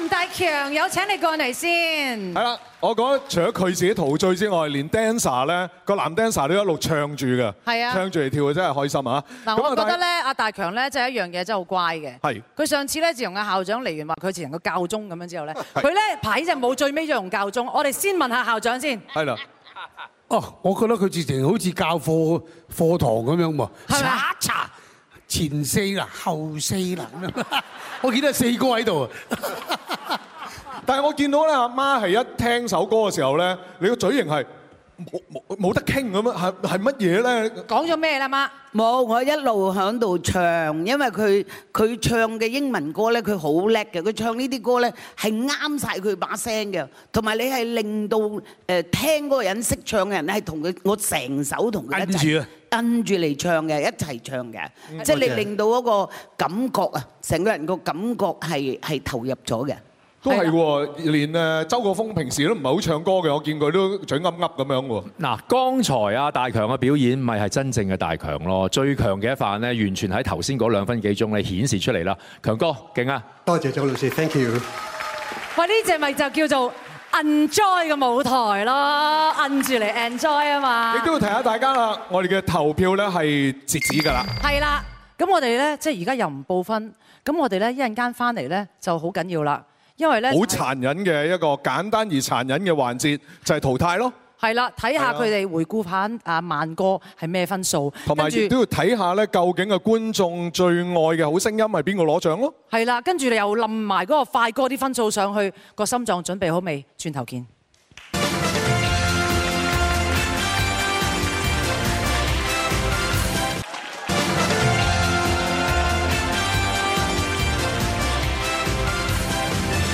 吳大強有請你過嚟先。係啦，我覺得除咗佢自己陶醉之外，連 dancer 咧，個男 dancer 都一路唱住嘅。係啊，唱住嚟跳啊，真係開心啊！嗱，我覺得咧，阿大強咧即係一樣嘢，真係好乖嘅。係、啊。佢上次咧自從阿校長嚟完話佢自成個教宗咁樣之後咧，佢咧排喺隻舞最尾就用教宗。我哋先問下校長先。係啦。哦，我覺得佢自成好似教課課堂咁樣噃。查查。前四後四 [laughs] 我記得四哥喺度 [laughs] 但係我見到咧，阿媽係一聽一首歌嘅時候，你個嘴型係冇冇冇得傾咁啊？係係乜嘢咧？講咗咩啦？嘛，冇我一路響度唱，因為佢佢唱嘅英文歌咧，佢好叻嘅。佢唱呢啲歌咧，係啱晒佢把聲嘅。同埋你係令到誒聽嗰個人識唱嘅人咧係同佢，我成首同佢一齊啊，跟住嚟唱嘅，一齊唱嘅，即係你令到嗰個感覺啊，成個人個感覺係係投入咗嘅。都係喎，連周國峰平時都唔係好唱歌嘅，我見佢都嘴噏噏咁樣喎。嗱，剛才啊，大強嘅表演咪係真正嘅大強咯，最強嘅一範咧，完全喺頭先嗰兩分幾鐘咧顯示出嚟啦。強哥，勁啊！多謝周老師，Thank you。喂，呢隻咪就叫做 enjoy 嘅舞台咯，摁住嚟 enjoy 啊嘛。亦都要提下大家啦，我哋嘅投票咧係截止㗎啦。係啦，咁我哋咧即係而家又唔報分，咁我哋咧一陣間翻嚟咧就好緊要啦。因為咧，好殘忍嘅一個簡單而殘忍嘅環節就係淘汰咯。係啦，睇下佢哋回顧下慢歌係咩分數。同埋亦都要睇下咧，究竟嘅觀眾最愛嘅好聲音係邊個攞獎咯？係啦，跟住你又冧埋嗰個快歌啲分數上去，個心臟準備好未？轉頭見。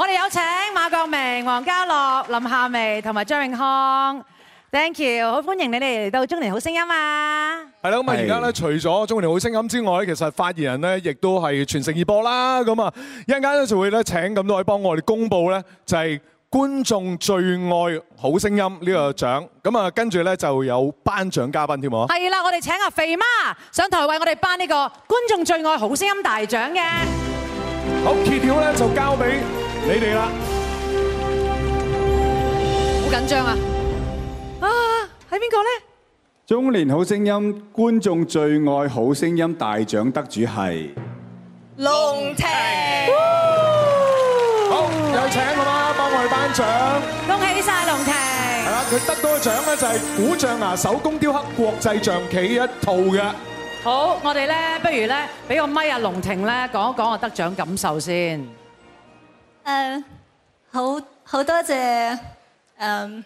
我哋有請馬國明、黃嘉樂、林夏薇同埋張永康，thank you，好歡迎你哋嚟到中年好聲音啊！係啦，咁啊而家咧除咗中年好聲音之外咧，其實發言人咧亦都係全城熱播啦。咁啊一陣間咧就會咧請咁多位幫我哋公布咧就係觀眾最愛好聲音呢個獎。咁啊跟住咧就有頒獎嘉賓添喎。係啦，我哋請阿肥媽上台為我哋頒呢個觀眾最愛好聲音大獎嘅。好，揭曉咧就交俾你哋啦，好緊張啊！啊，係邊個咧？中年好聲音觀眾最愛好聲音大獎得主係龍婷。好，有請好嘛，幫我哋頒獎，恭喜晒龍婷。係啦，佢得到嘅獎咧就係古象牙手工雕刻國際象棋一套嘅。好，我哋咧不如咧俾個咪啊龍婷咧講一講啊得獎感受先。誒，好好多謝誒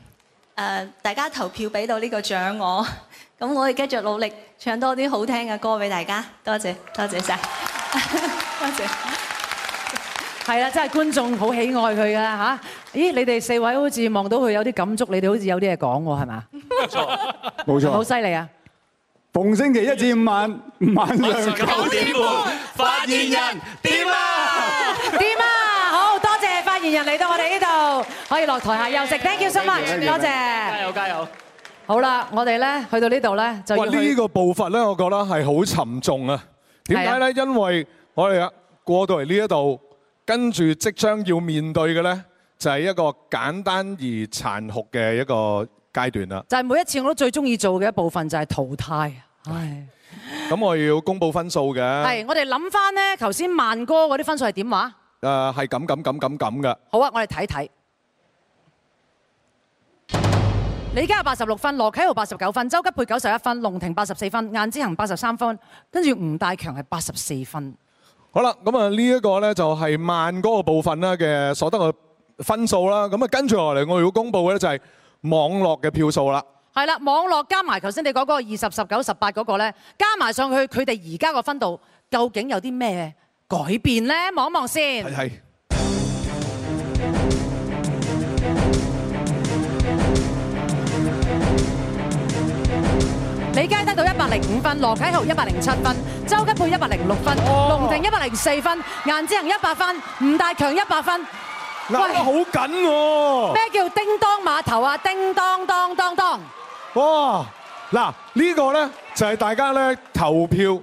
誒大家投票俾到呢個獎我，咁我會繼續努力唱多啲好聽嘅歌俾大家。多謝，多謝晒，多謝。係啦，真係觀眾好喜愛佢噶嚇。咦，你哋四位好似望到佢有啲感觸，你哋好似有啲嘢講喎，係咪？冇錯，錯，冇錯。好犀利啊！逢星期一至五晚五晚上九點半發言人點呀。人嚟到我哋呢度，可以落台下休息。Thank you so much，多謝，加油加油！好啦，我哋咧去到呢度咧就呢個步伐咧，我覺得係好沉重啊。點解咧？對 因為我哋啊過到嚟呢一度，跟住即將要面對嘅咧，就係一個簡單而殘酷嘅一個階段啦。就係每一次我都最中意做嘅一部分，就係淘汰。唉。咁我要公布分數嘅。係，我哋諗翻咧，頭先萬哥嗰啲分數係點話？誒，係咁咁咁咁咁嘅。好啊，我哋睇睇。李佳有八十六分，羅啟豪八十九分，周吉佩九十一分，龍婷八十四分，顏志恆八十三分，跟住吳大強係八十四分。好啦，咁啊呢一個咧就係慢嗰個部分啦嘅所得嘅分數啦。咁啊跟住落嚟，我哋要公布嘅咧就係網絡嘅票數啦。係啦，網絡加埋，頭先你講嗰個二十、十九、十八嗰個咧，加埋上去，佢哋而家個分度究竟有啲咩？改變咧，望一望先。係係。李佳得到一百零五分，羅啟豪一百零七分，周吉佩一百零六分，龍定一百零四分，顏志恒一百分，吳大強一百分。壓得好緊喎！咩叫叮噹馬頭啊？叮噹噹噹噹。哇！嗱，呢個咧就係大家咧投票。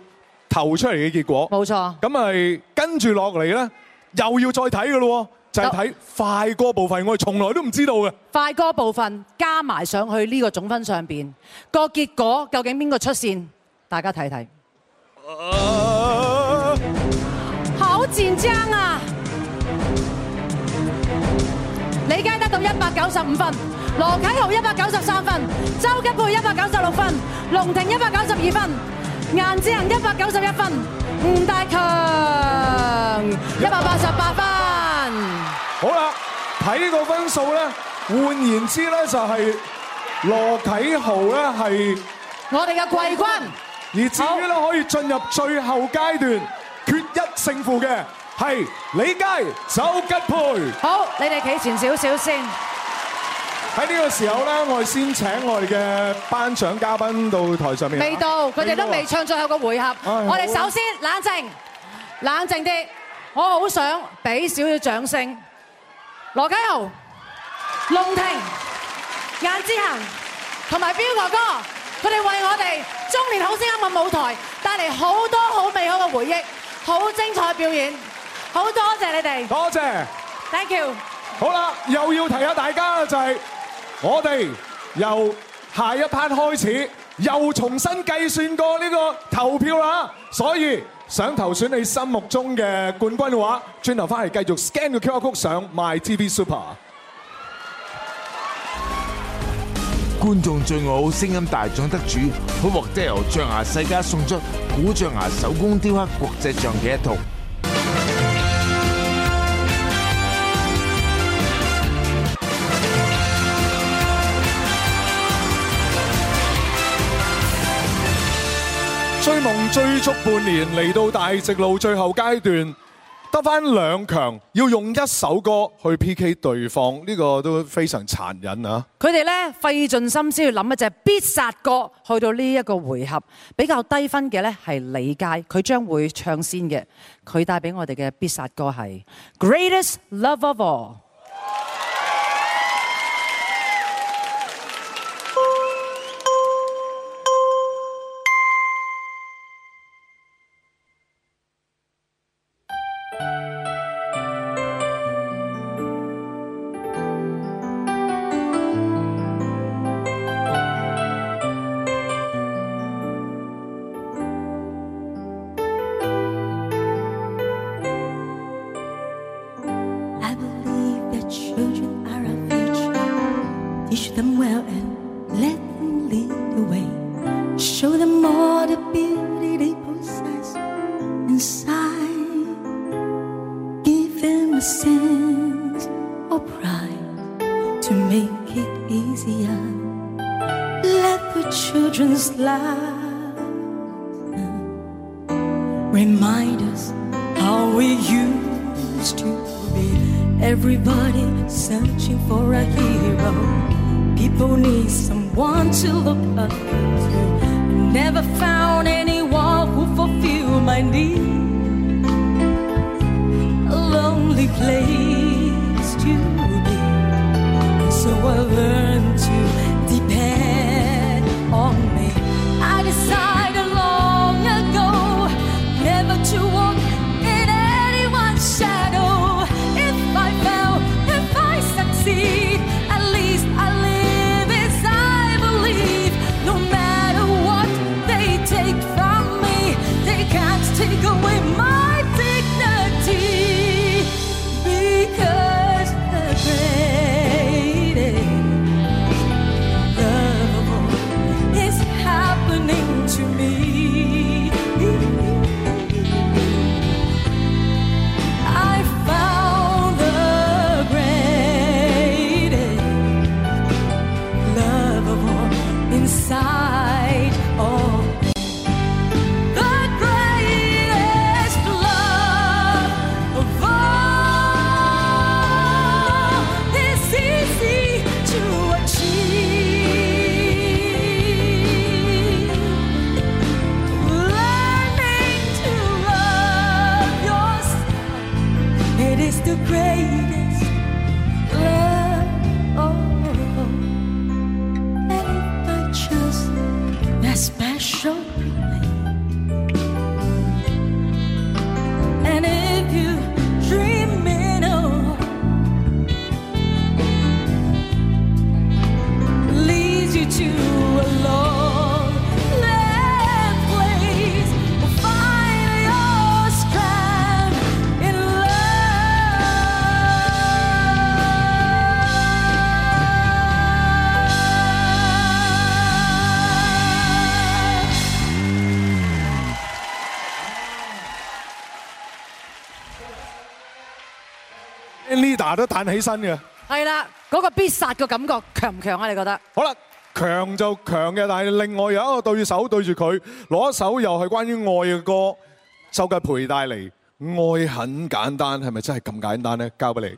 投出嚟嘅結果，冇錯。咁咪跟住落嚟咧，又要再睇嘅咯，就係睇快歌部分，我哋從來都唔知道嘅。快歌部分加埋上去呢個總分上邊，個結果究竟邊個出線？大家睇睇。好戰爭啊！李佳得到一百九十五分，羅啟豪一百九十三分，周吉佩一百九十六分，龍庭一百九十二分。顏志恆一百九十一分，吳大強一百八十八分。好啦，睇呢個分數咧，換言之咧就係羅啟豪咧係我哋嘅季軍，而至於咧可以進入最後階段決一勝負嘅係李佳、周吉培。好，你哋企前少少先。喺呢個時候咧，我哋先請我哋嘅頒獎嘉賓到台上面。未到，佢哋都未唱最後個回合。的我哋首先好吧 冷靜，冷靜啲。我好想俾少少掌聲。羅嘉豪、龍婷、顏庭庭之恆同埋彪哥哥，佢哋為我哋中年好聲音嘅舞台帶嚟好多好美好嘅回憶，好精彩嘅表演，好多謝你哋。多謝。Thank you。好啦，又要提下大家就係我哋由下一 part 開始又重新計算過呢個投票啦，所以想投選你心目中嘅冠軍嘅話，轉頭返嚟繼續 scan 個 QR code 上 my TV Super。觀眾最愛好聲音大獎得主，可獲得由象牙世家送出古象牙手工雕刻國際象嘅一套。追夢追足半年，嚟到大直路最後階段，得翻兩強，要用一首歌去 PK 對方，呢個都非常殘忍啊！佢哋呢，費盡心思要諗一隻必殺歌，去到呢一個回合比較低分嘅呢係李佳，佢將會唱先嘅，佢帶俾我哋嘅必殺歌係《Greatest Love Of All》。都彈起身嘅，係啦，嗰個必殺嘅感覺強唔強啊？你覺得強強？好啦，強就強嘅，但係另外有一個對手對住佢攞一首又係關於愛嘅歌，就係裴帶嚟，愛很簡單，係咪真係咁簡單咧？交俾你。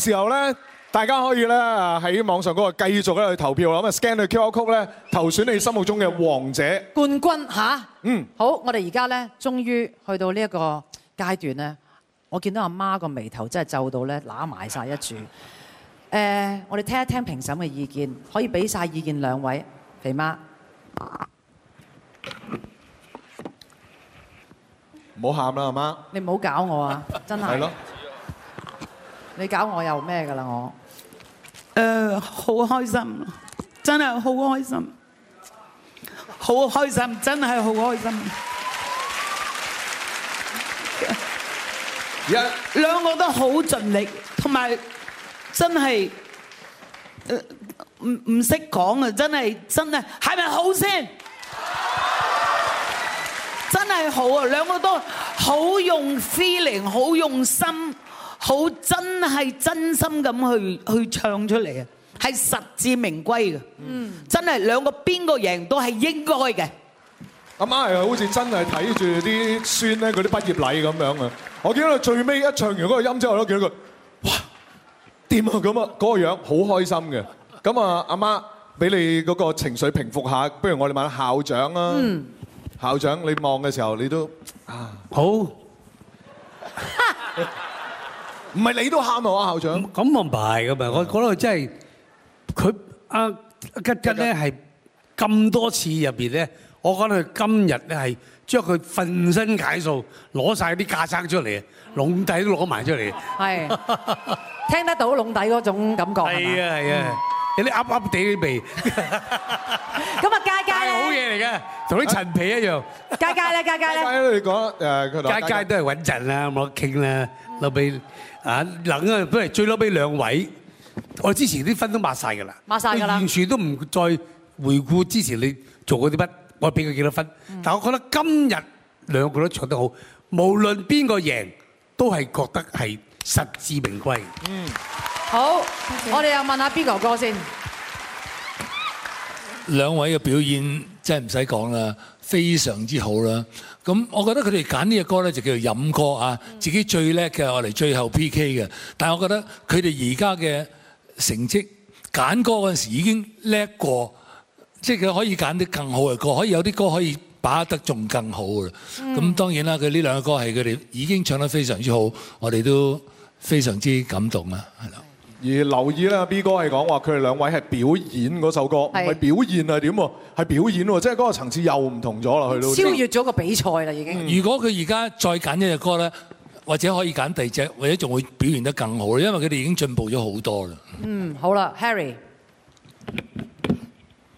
時候咧，大家可以咧喺網上嗰度繼續咧去投票，咁啊 scan 你 QR code 咧，投選你心目中嘅王者、冠軍吓。啊、嗯，好，我哋而家咧，終於去到呢一個階段咧，我見到阿媽個眉頭真係皺到咧攬埋晒一住。誒，我哋聽一聽評審嘅意見，可以俾晒意見兩位肥媽。唔好喊啦，阿媽。你唔好搞我啊！真係。係咯。你搞我又咩噶啦我？誒，好開心，真係好開心，好開心，真係好開心。一兩個都好盡力，同埋真係唔唔識講啊！真係真係，係咪好先？真係好啊！兩個都好用 feeling，好用心。好真係真心咁去去唱出嚟啊，係實至名歸嘅。嗯，真係兩個邊個贏都係應該嘅。阿媽係好似真係睇住啲孫咧，嗰啲畢業禮咁樣啊。我見到最尾一唱完嗰個音之後咧，見到佢哇，點啊咁啊，嗰個樣好開心嘅。咁啊，阿媽俾你嗰個情緒平復下，不如我哋問下校長啦。嗯，校長你望嘅時候你都啊好。唔係你都喊喎，校長。咁唔係噶嘛，我覺得佢真係佢阿吉吉咧係咁多次入邊咧，我覺得佢今日咧係將佢瞓身解數攞曬啲架生出嚟，籠底都攞埋出嚟。係，聽得到籠底嗰種感覺係啊係啊，有啲噏噏地味。咁啊，佳佳係好嘢嚟嘅，同啲陳皮一樣。佳佳咧，佳佳咧，佳佳你講，誒佢同佳佳都係穩陣啦，冇得傾啦，留俾。啊，嗱咁啊，不如最多俾兩位，我之前啲分都抹曬㗎啦，抹曬㗎啦，完全都唔再回顧之前你做嗰啲乜，我俾佢幾多分？但我覺得今日兩個都唱得好，無論邊個贏，都係覺得係實至名歸。嗯，好，我哋又問下邊個歌先？兩位嘅表演真係唔使講啦，非常之好啦。咁我覺得佢哋揀呢隻歌咧就叫做飲歌啊，自己最叻嘅我嚟最後 P K 嘅。但係我覺得佢哋而家嘅成績揀歌嗰陣時已經叻過，即係佢可以揀啲更好嘅歌，可以有啲歌可以把握得仲更好嘅。咁、嗯、當然啦，佢呢兩個歌係佢哋已經唱得非常之好，我哋都非常之感動啊！係啦！而留意啦 B 哥係講話佢哋兩位係表演嗰首歌，唔係表現係點喎？係表演喎！即係嗰個層次又唔同咗啦，去到超越咗個比賽啦，已經。如果佢而家再揀一隻歌咧，或者可以揀第隻，或者仲會表現得更好，因為佢哋已經進步咗好多啦。嗯，好啦，Harry，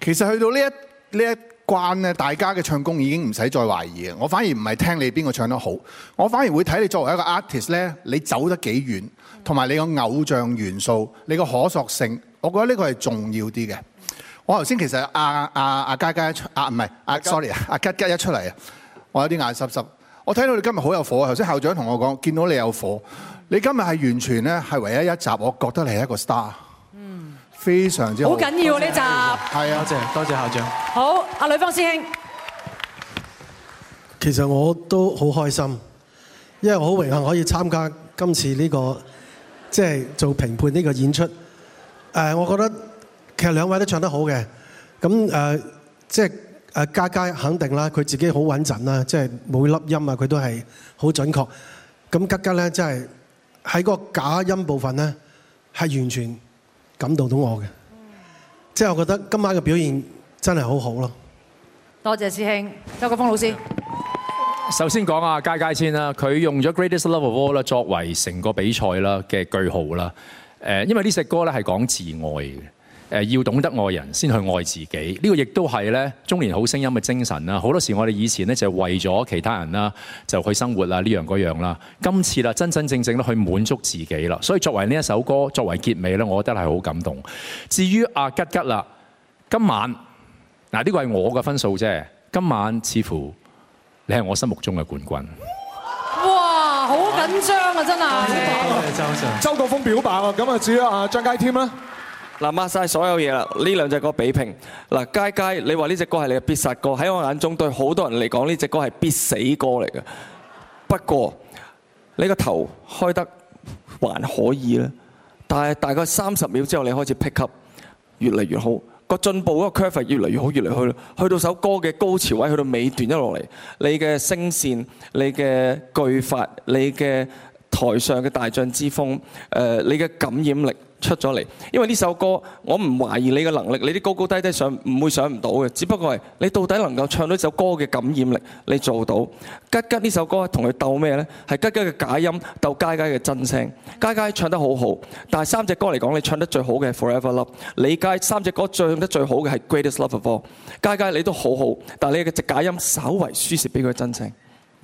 其實去到呢一呢一關咧，大家嘅唱功已經唔使再懷疑啊！我反而唔係聽你邊個唱得好，我反而會睇你作為一個 artist 咧，你走得幾遠。同埋你個偶像元素，你個可塑性，我覺得呢個係重要啲嘅。我頭先其實阿阿阿佳佳，一出，啊唔係，啊 sorry 啊，阿吉吉一出嚟啊，我有啲眼濕濕。我睇到你今日好有火，啊。頭先校長同我講，見到你有火，你今日係完全咧係唯一一集，我覺得你係一個 star。嗯，非常之好緊要呢集。係啊，謝多謝,謝,謝校長。好，阿呂方師兄，其實我都好開心，因為我好榮幸可以參加今次呢、呢個。即係做評判呢個演出，誒，我覺得其實兩位都唱得好嘅，咁、呃、誒，即係誒，嘉嘉肯定啦，佢自己好穩陣啦，即係每粒音啊，佢都係好準確。咁吉吉咧，即係喺嗰個假音部分咧，係完全感動到我嘅。即係我覺得今晚嘅表現真係好好咯。多謝師兄周國豐老師。首先講啊，佳佳先啦，佢用咗《Greatest Love of All》啦作為成個比賽啦嘅句號啦、呃。因為呢隻歌咧係講自愛嘅，誒、呃、要懂得愛人先去愛自己。呢、這個亦都係咧中年好聲音嘅精神啦。好多時我哋以前咧就係為咗其他人啦就去生活啦呢樣嗰樣啦。今次啦真真正正咧去滿足自己啦。所以作為呢一首歌作為結尾咧，我覺得係好感動。至於阿、啊、吉吉啦，今晚嗱呢、這個係我嘅分數啫。今晚似乎。你係我心目中嘅冠軍。哇，好緊張啊，真係！哇周, Sir 周國峰表白啊，咁啊，至於啊張佳添啦，嗱抹晒所有嘢啦，呢兩隻歌比拼。嗱，佳佳，你話呢隻歌係你嘅必殺歌，喺我眼中對好多人嚟講呢隻歌係必死歌嚟嘅。不過你個頭開得還可以啦，但係大概三十秒之後你開始 pick up，越嚟越好。個進步嗰個 cover 越嚟越好，越嚟越好，去到首歌嘅高潮位，去到尾段一落嚟，你嘅聲線，你嘅句法、你嘅台上嘅大將之風，誒、呃，你嘅感染力。出咗嚟，因為呢首歌，我唔懷疑你嘅能力，你啲高高低低上唔會上唔到嘅，只不過係你到底能夠唱到呢首歌嘅感染力，你做到吉吉呢首歌同佢鬥咩呢？係吉吉嘅假音鬥佳佳嘅真聲。佳佳唱得好好，但係三隻歌嚟講，你唱得最好嘅係 Forever Love。李佳三隻歌唱得最好嘅係 Greatest Love Of All。佳佳你都好好，但係你嘅假音稍為輸蝕俾佢真聲。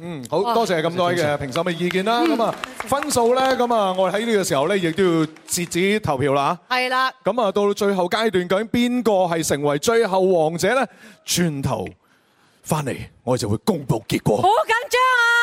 嗯，好多謝咁多嘅評審嘅意見啦。咁啊，分數咧，咁啊，我哋喺呢個時候咧，亦都要截止投票啦。嚇，係啦。咁啊，到最後階段，究竟邊個係成為最後王者咧？轉頭翻嚟，我哋就會公佈結果。好緊張啊！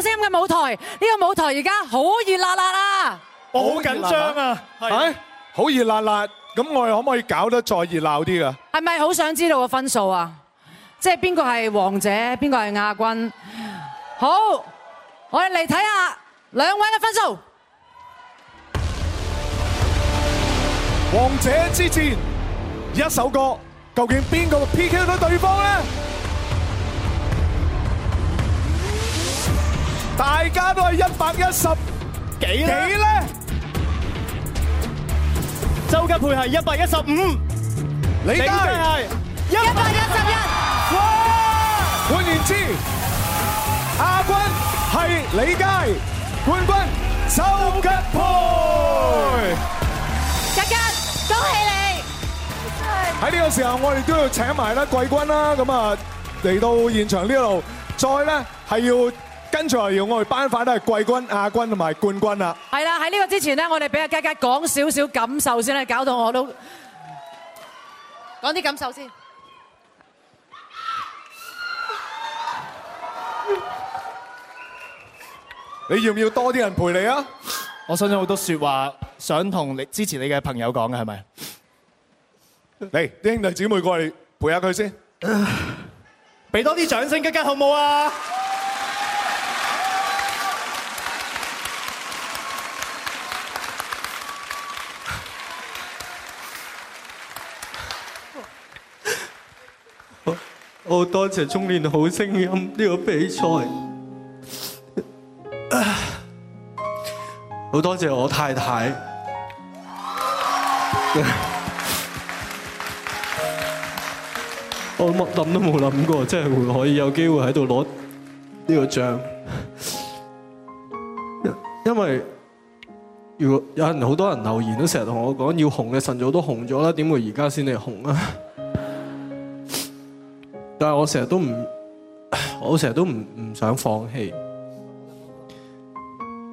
聲嘅舞台，呢個舞台而家好熱辣辣啦！我好緊張啊，係好熱辣辣，咁我哋可唔可以搞得再熱鬧啲噶？係咪好想知道個分數啊？即係邊個係王者，邊個係亞軍？好，我哋嚟睇下兩位嘅分數。王者之戰，一首歌，究竟邊個 PK 到對方咧？大家都係一百一十幾咧，周吉佩係一百一十五，李佳係一百一十一。哇！換言之，亞軍係李佳，冠軍周吉佩。吉吉，恭喜你！喺呢個時候，我哋都要請埋啦季軍啦，咁啊嚟到現場呢度，再咧係要。跟住用我哋頒發都係季軍、亞軍同埋冠軍啦。係啦，喺呢個之前咧，我哋俾阿佳佳講少少感受先啦，搞到我都講啲感受先。你要唔要多啲人陪你啊？我相信好多説話想同你支持你嘅朋友講嘅係咪？嚟啲兄弟姊妹過嚟陪下佢先，俾多啲掌聲，吉吉好唔好啊？好多謝中年好聲音呢個比賽，好多謝我太太。我乜諗都冇諗過，真係會有機會喺度攞呢個獎。因因為如果有人好多人留言都成日同我講，要紅嘅神早都紅咗啦，點會而家先嚟紅呢？但我成日都唔，我成日都唔唔想放棄，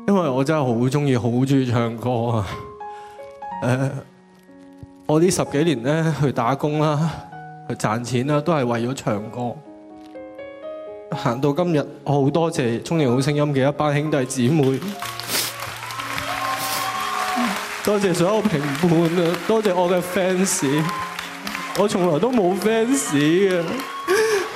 因為我真係好中意，好中意唱歌啊！誒，我呢十幾年咧去打工啦，去賺錢啦，都係為咗唱歌。行到今日，我好多謝《中年好聲音》嘅一班兄弟姊妹，多謝所有評判啊！多謝我嘅 fans，我從來都冇 fans 嘅。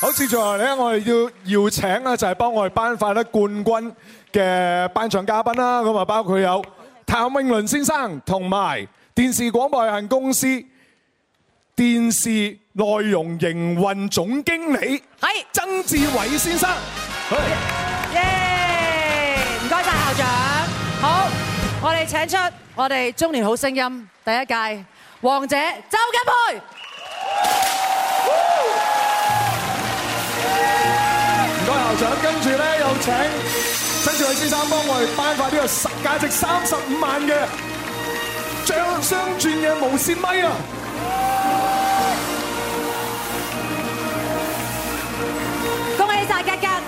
好，最後咧，我哋要要請咧，就係幫我哋頒發咧冠軍嘅頒獎嘉賓啦。咁啊，包括有譚詠麟先生同埋電視廣播有限公司電視內容營運總經理係曾志偉先生。好，耶！唔該曬校長。好，我哋請出我哋中年好聲音第一屆王者周吉佩。跟住咧，又請曾志偉先生幫我哋頒發呢個價值三十五萬嘅鑲鑽嘅無線咪啊！恭喜曬嘉嘉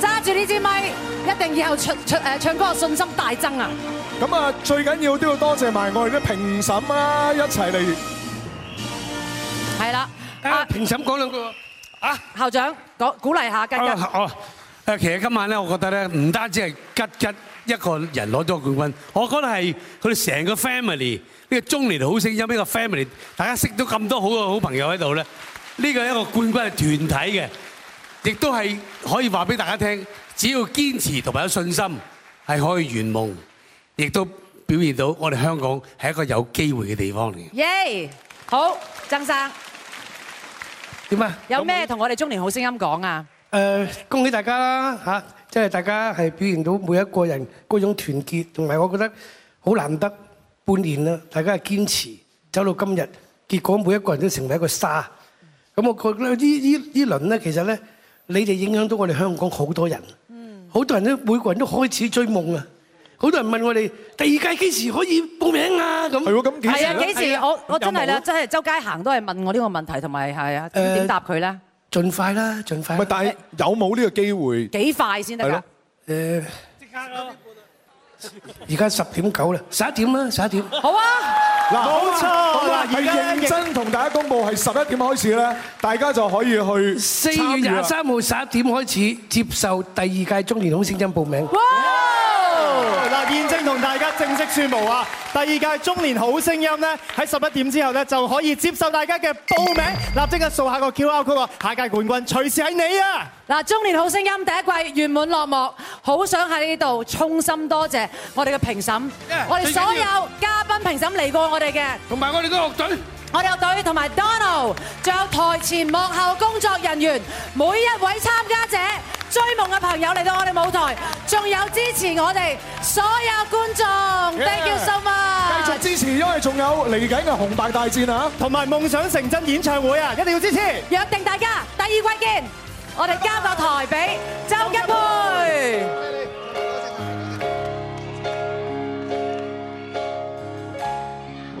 揸住呢支咪，一定以後唱唱誒唱歌嘅信心大增啊！咁啊，最緊要都要多謝埋我哋嘅評審啊，一齊嚟。係啦，阿評審講兩個。啊，校長，講鼓勵下吉吉。哦，誒，其實今晚咧，我覺得咧，唔單止係吉吉一個人攞咗冠軍，我覺得係佢哋成個 family，呢個中年好聲音，呢個 family，大家識到咁多好嘅好朋友喺度咧，呢個一個冠軍係團體嘅，亦都係可以話俾大家聽，只要堅持同埋有信心，係可以圓夢，亦都表現到我哋香港係一個有機會嘅地方嚟。耶，好，曾生。點啊？有咩同我哋中年好聲音講啊？誒，恭喜大家啦嚇！即係大家係表現到每一個人嗰種團結，同埋我覺得好難得。半年啦，大家係堅持走到今日，結果每一個人都成為一個沙。咁我覺得呢呢呢輪咧，其實咧，你哋影響到我哋香港好多人。嗯，好多人都每個人都開始追夢啊！好多人問我哋第二屆幾時可以報名啊？咁係喎，咁幾時？係啊，幾時？我我真係啦，真係周街行都係問我呢個問題，同埋係啊點答佢咧？盡快啦，盡快。唔係，但係有冇呢個機會？幾快先得㗎？誒，即刻咯！而家十點九啦，十一點啦，十一點。好啊，嗱，冇錯，係認真同大家公佈，係十一點開始咧，大家就可以去。四月廿三號十一點開始接受第二屆中年好聲音報名。現正同大家正式宣佈啊！第二屆中年好聲音呢，喺十一點之後呢就可以接受大家嘅報名，立即就掃下個 QR code。下屆冠軍隨時係你啊！嗱，中年好聲音第一季圓滿落幕，好想喺呢度衷心多謝我哋嘅評審，我哋所有嘉賓評審嚟過我哋嘅，同埋我哋嘅樂隊。我哋樂隊同埋 Donald，仲有台前幕後工作人員，每一位參加者追夢嘅朋友嚟到我哋舞台，仲有支持我哋所有觀眾，繼續 support，繼續支持，因為仲有嚟緊嘅紅白大戰啊，同埋夢想成真演唱會啊，一定要支持。約定大家第二季見，我哋交個台俾周吉培。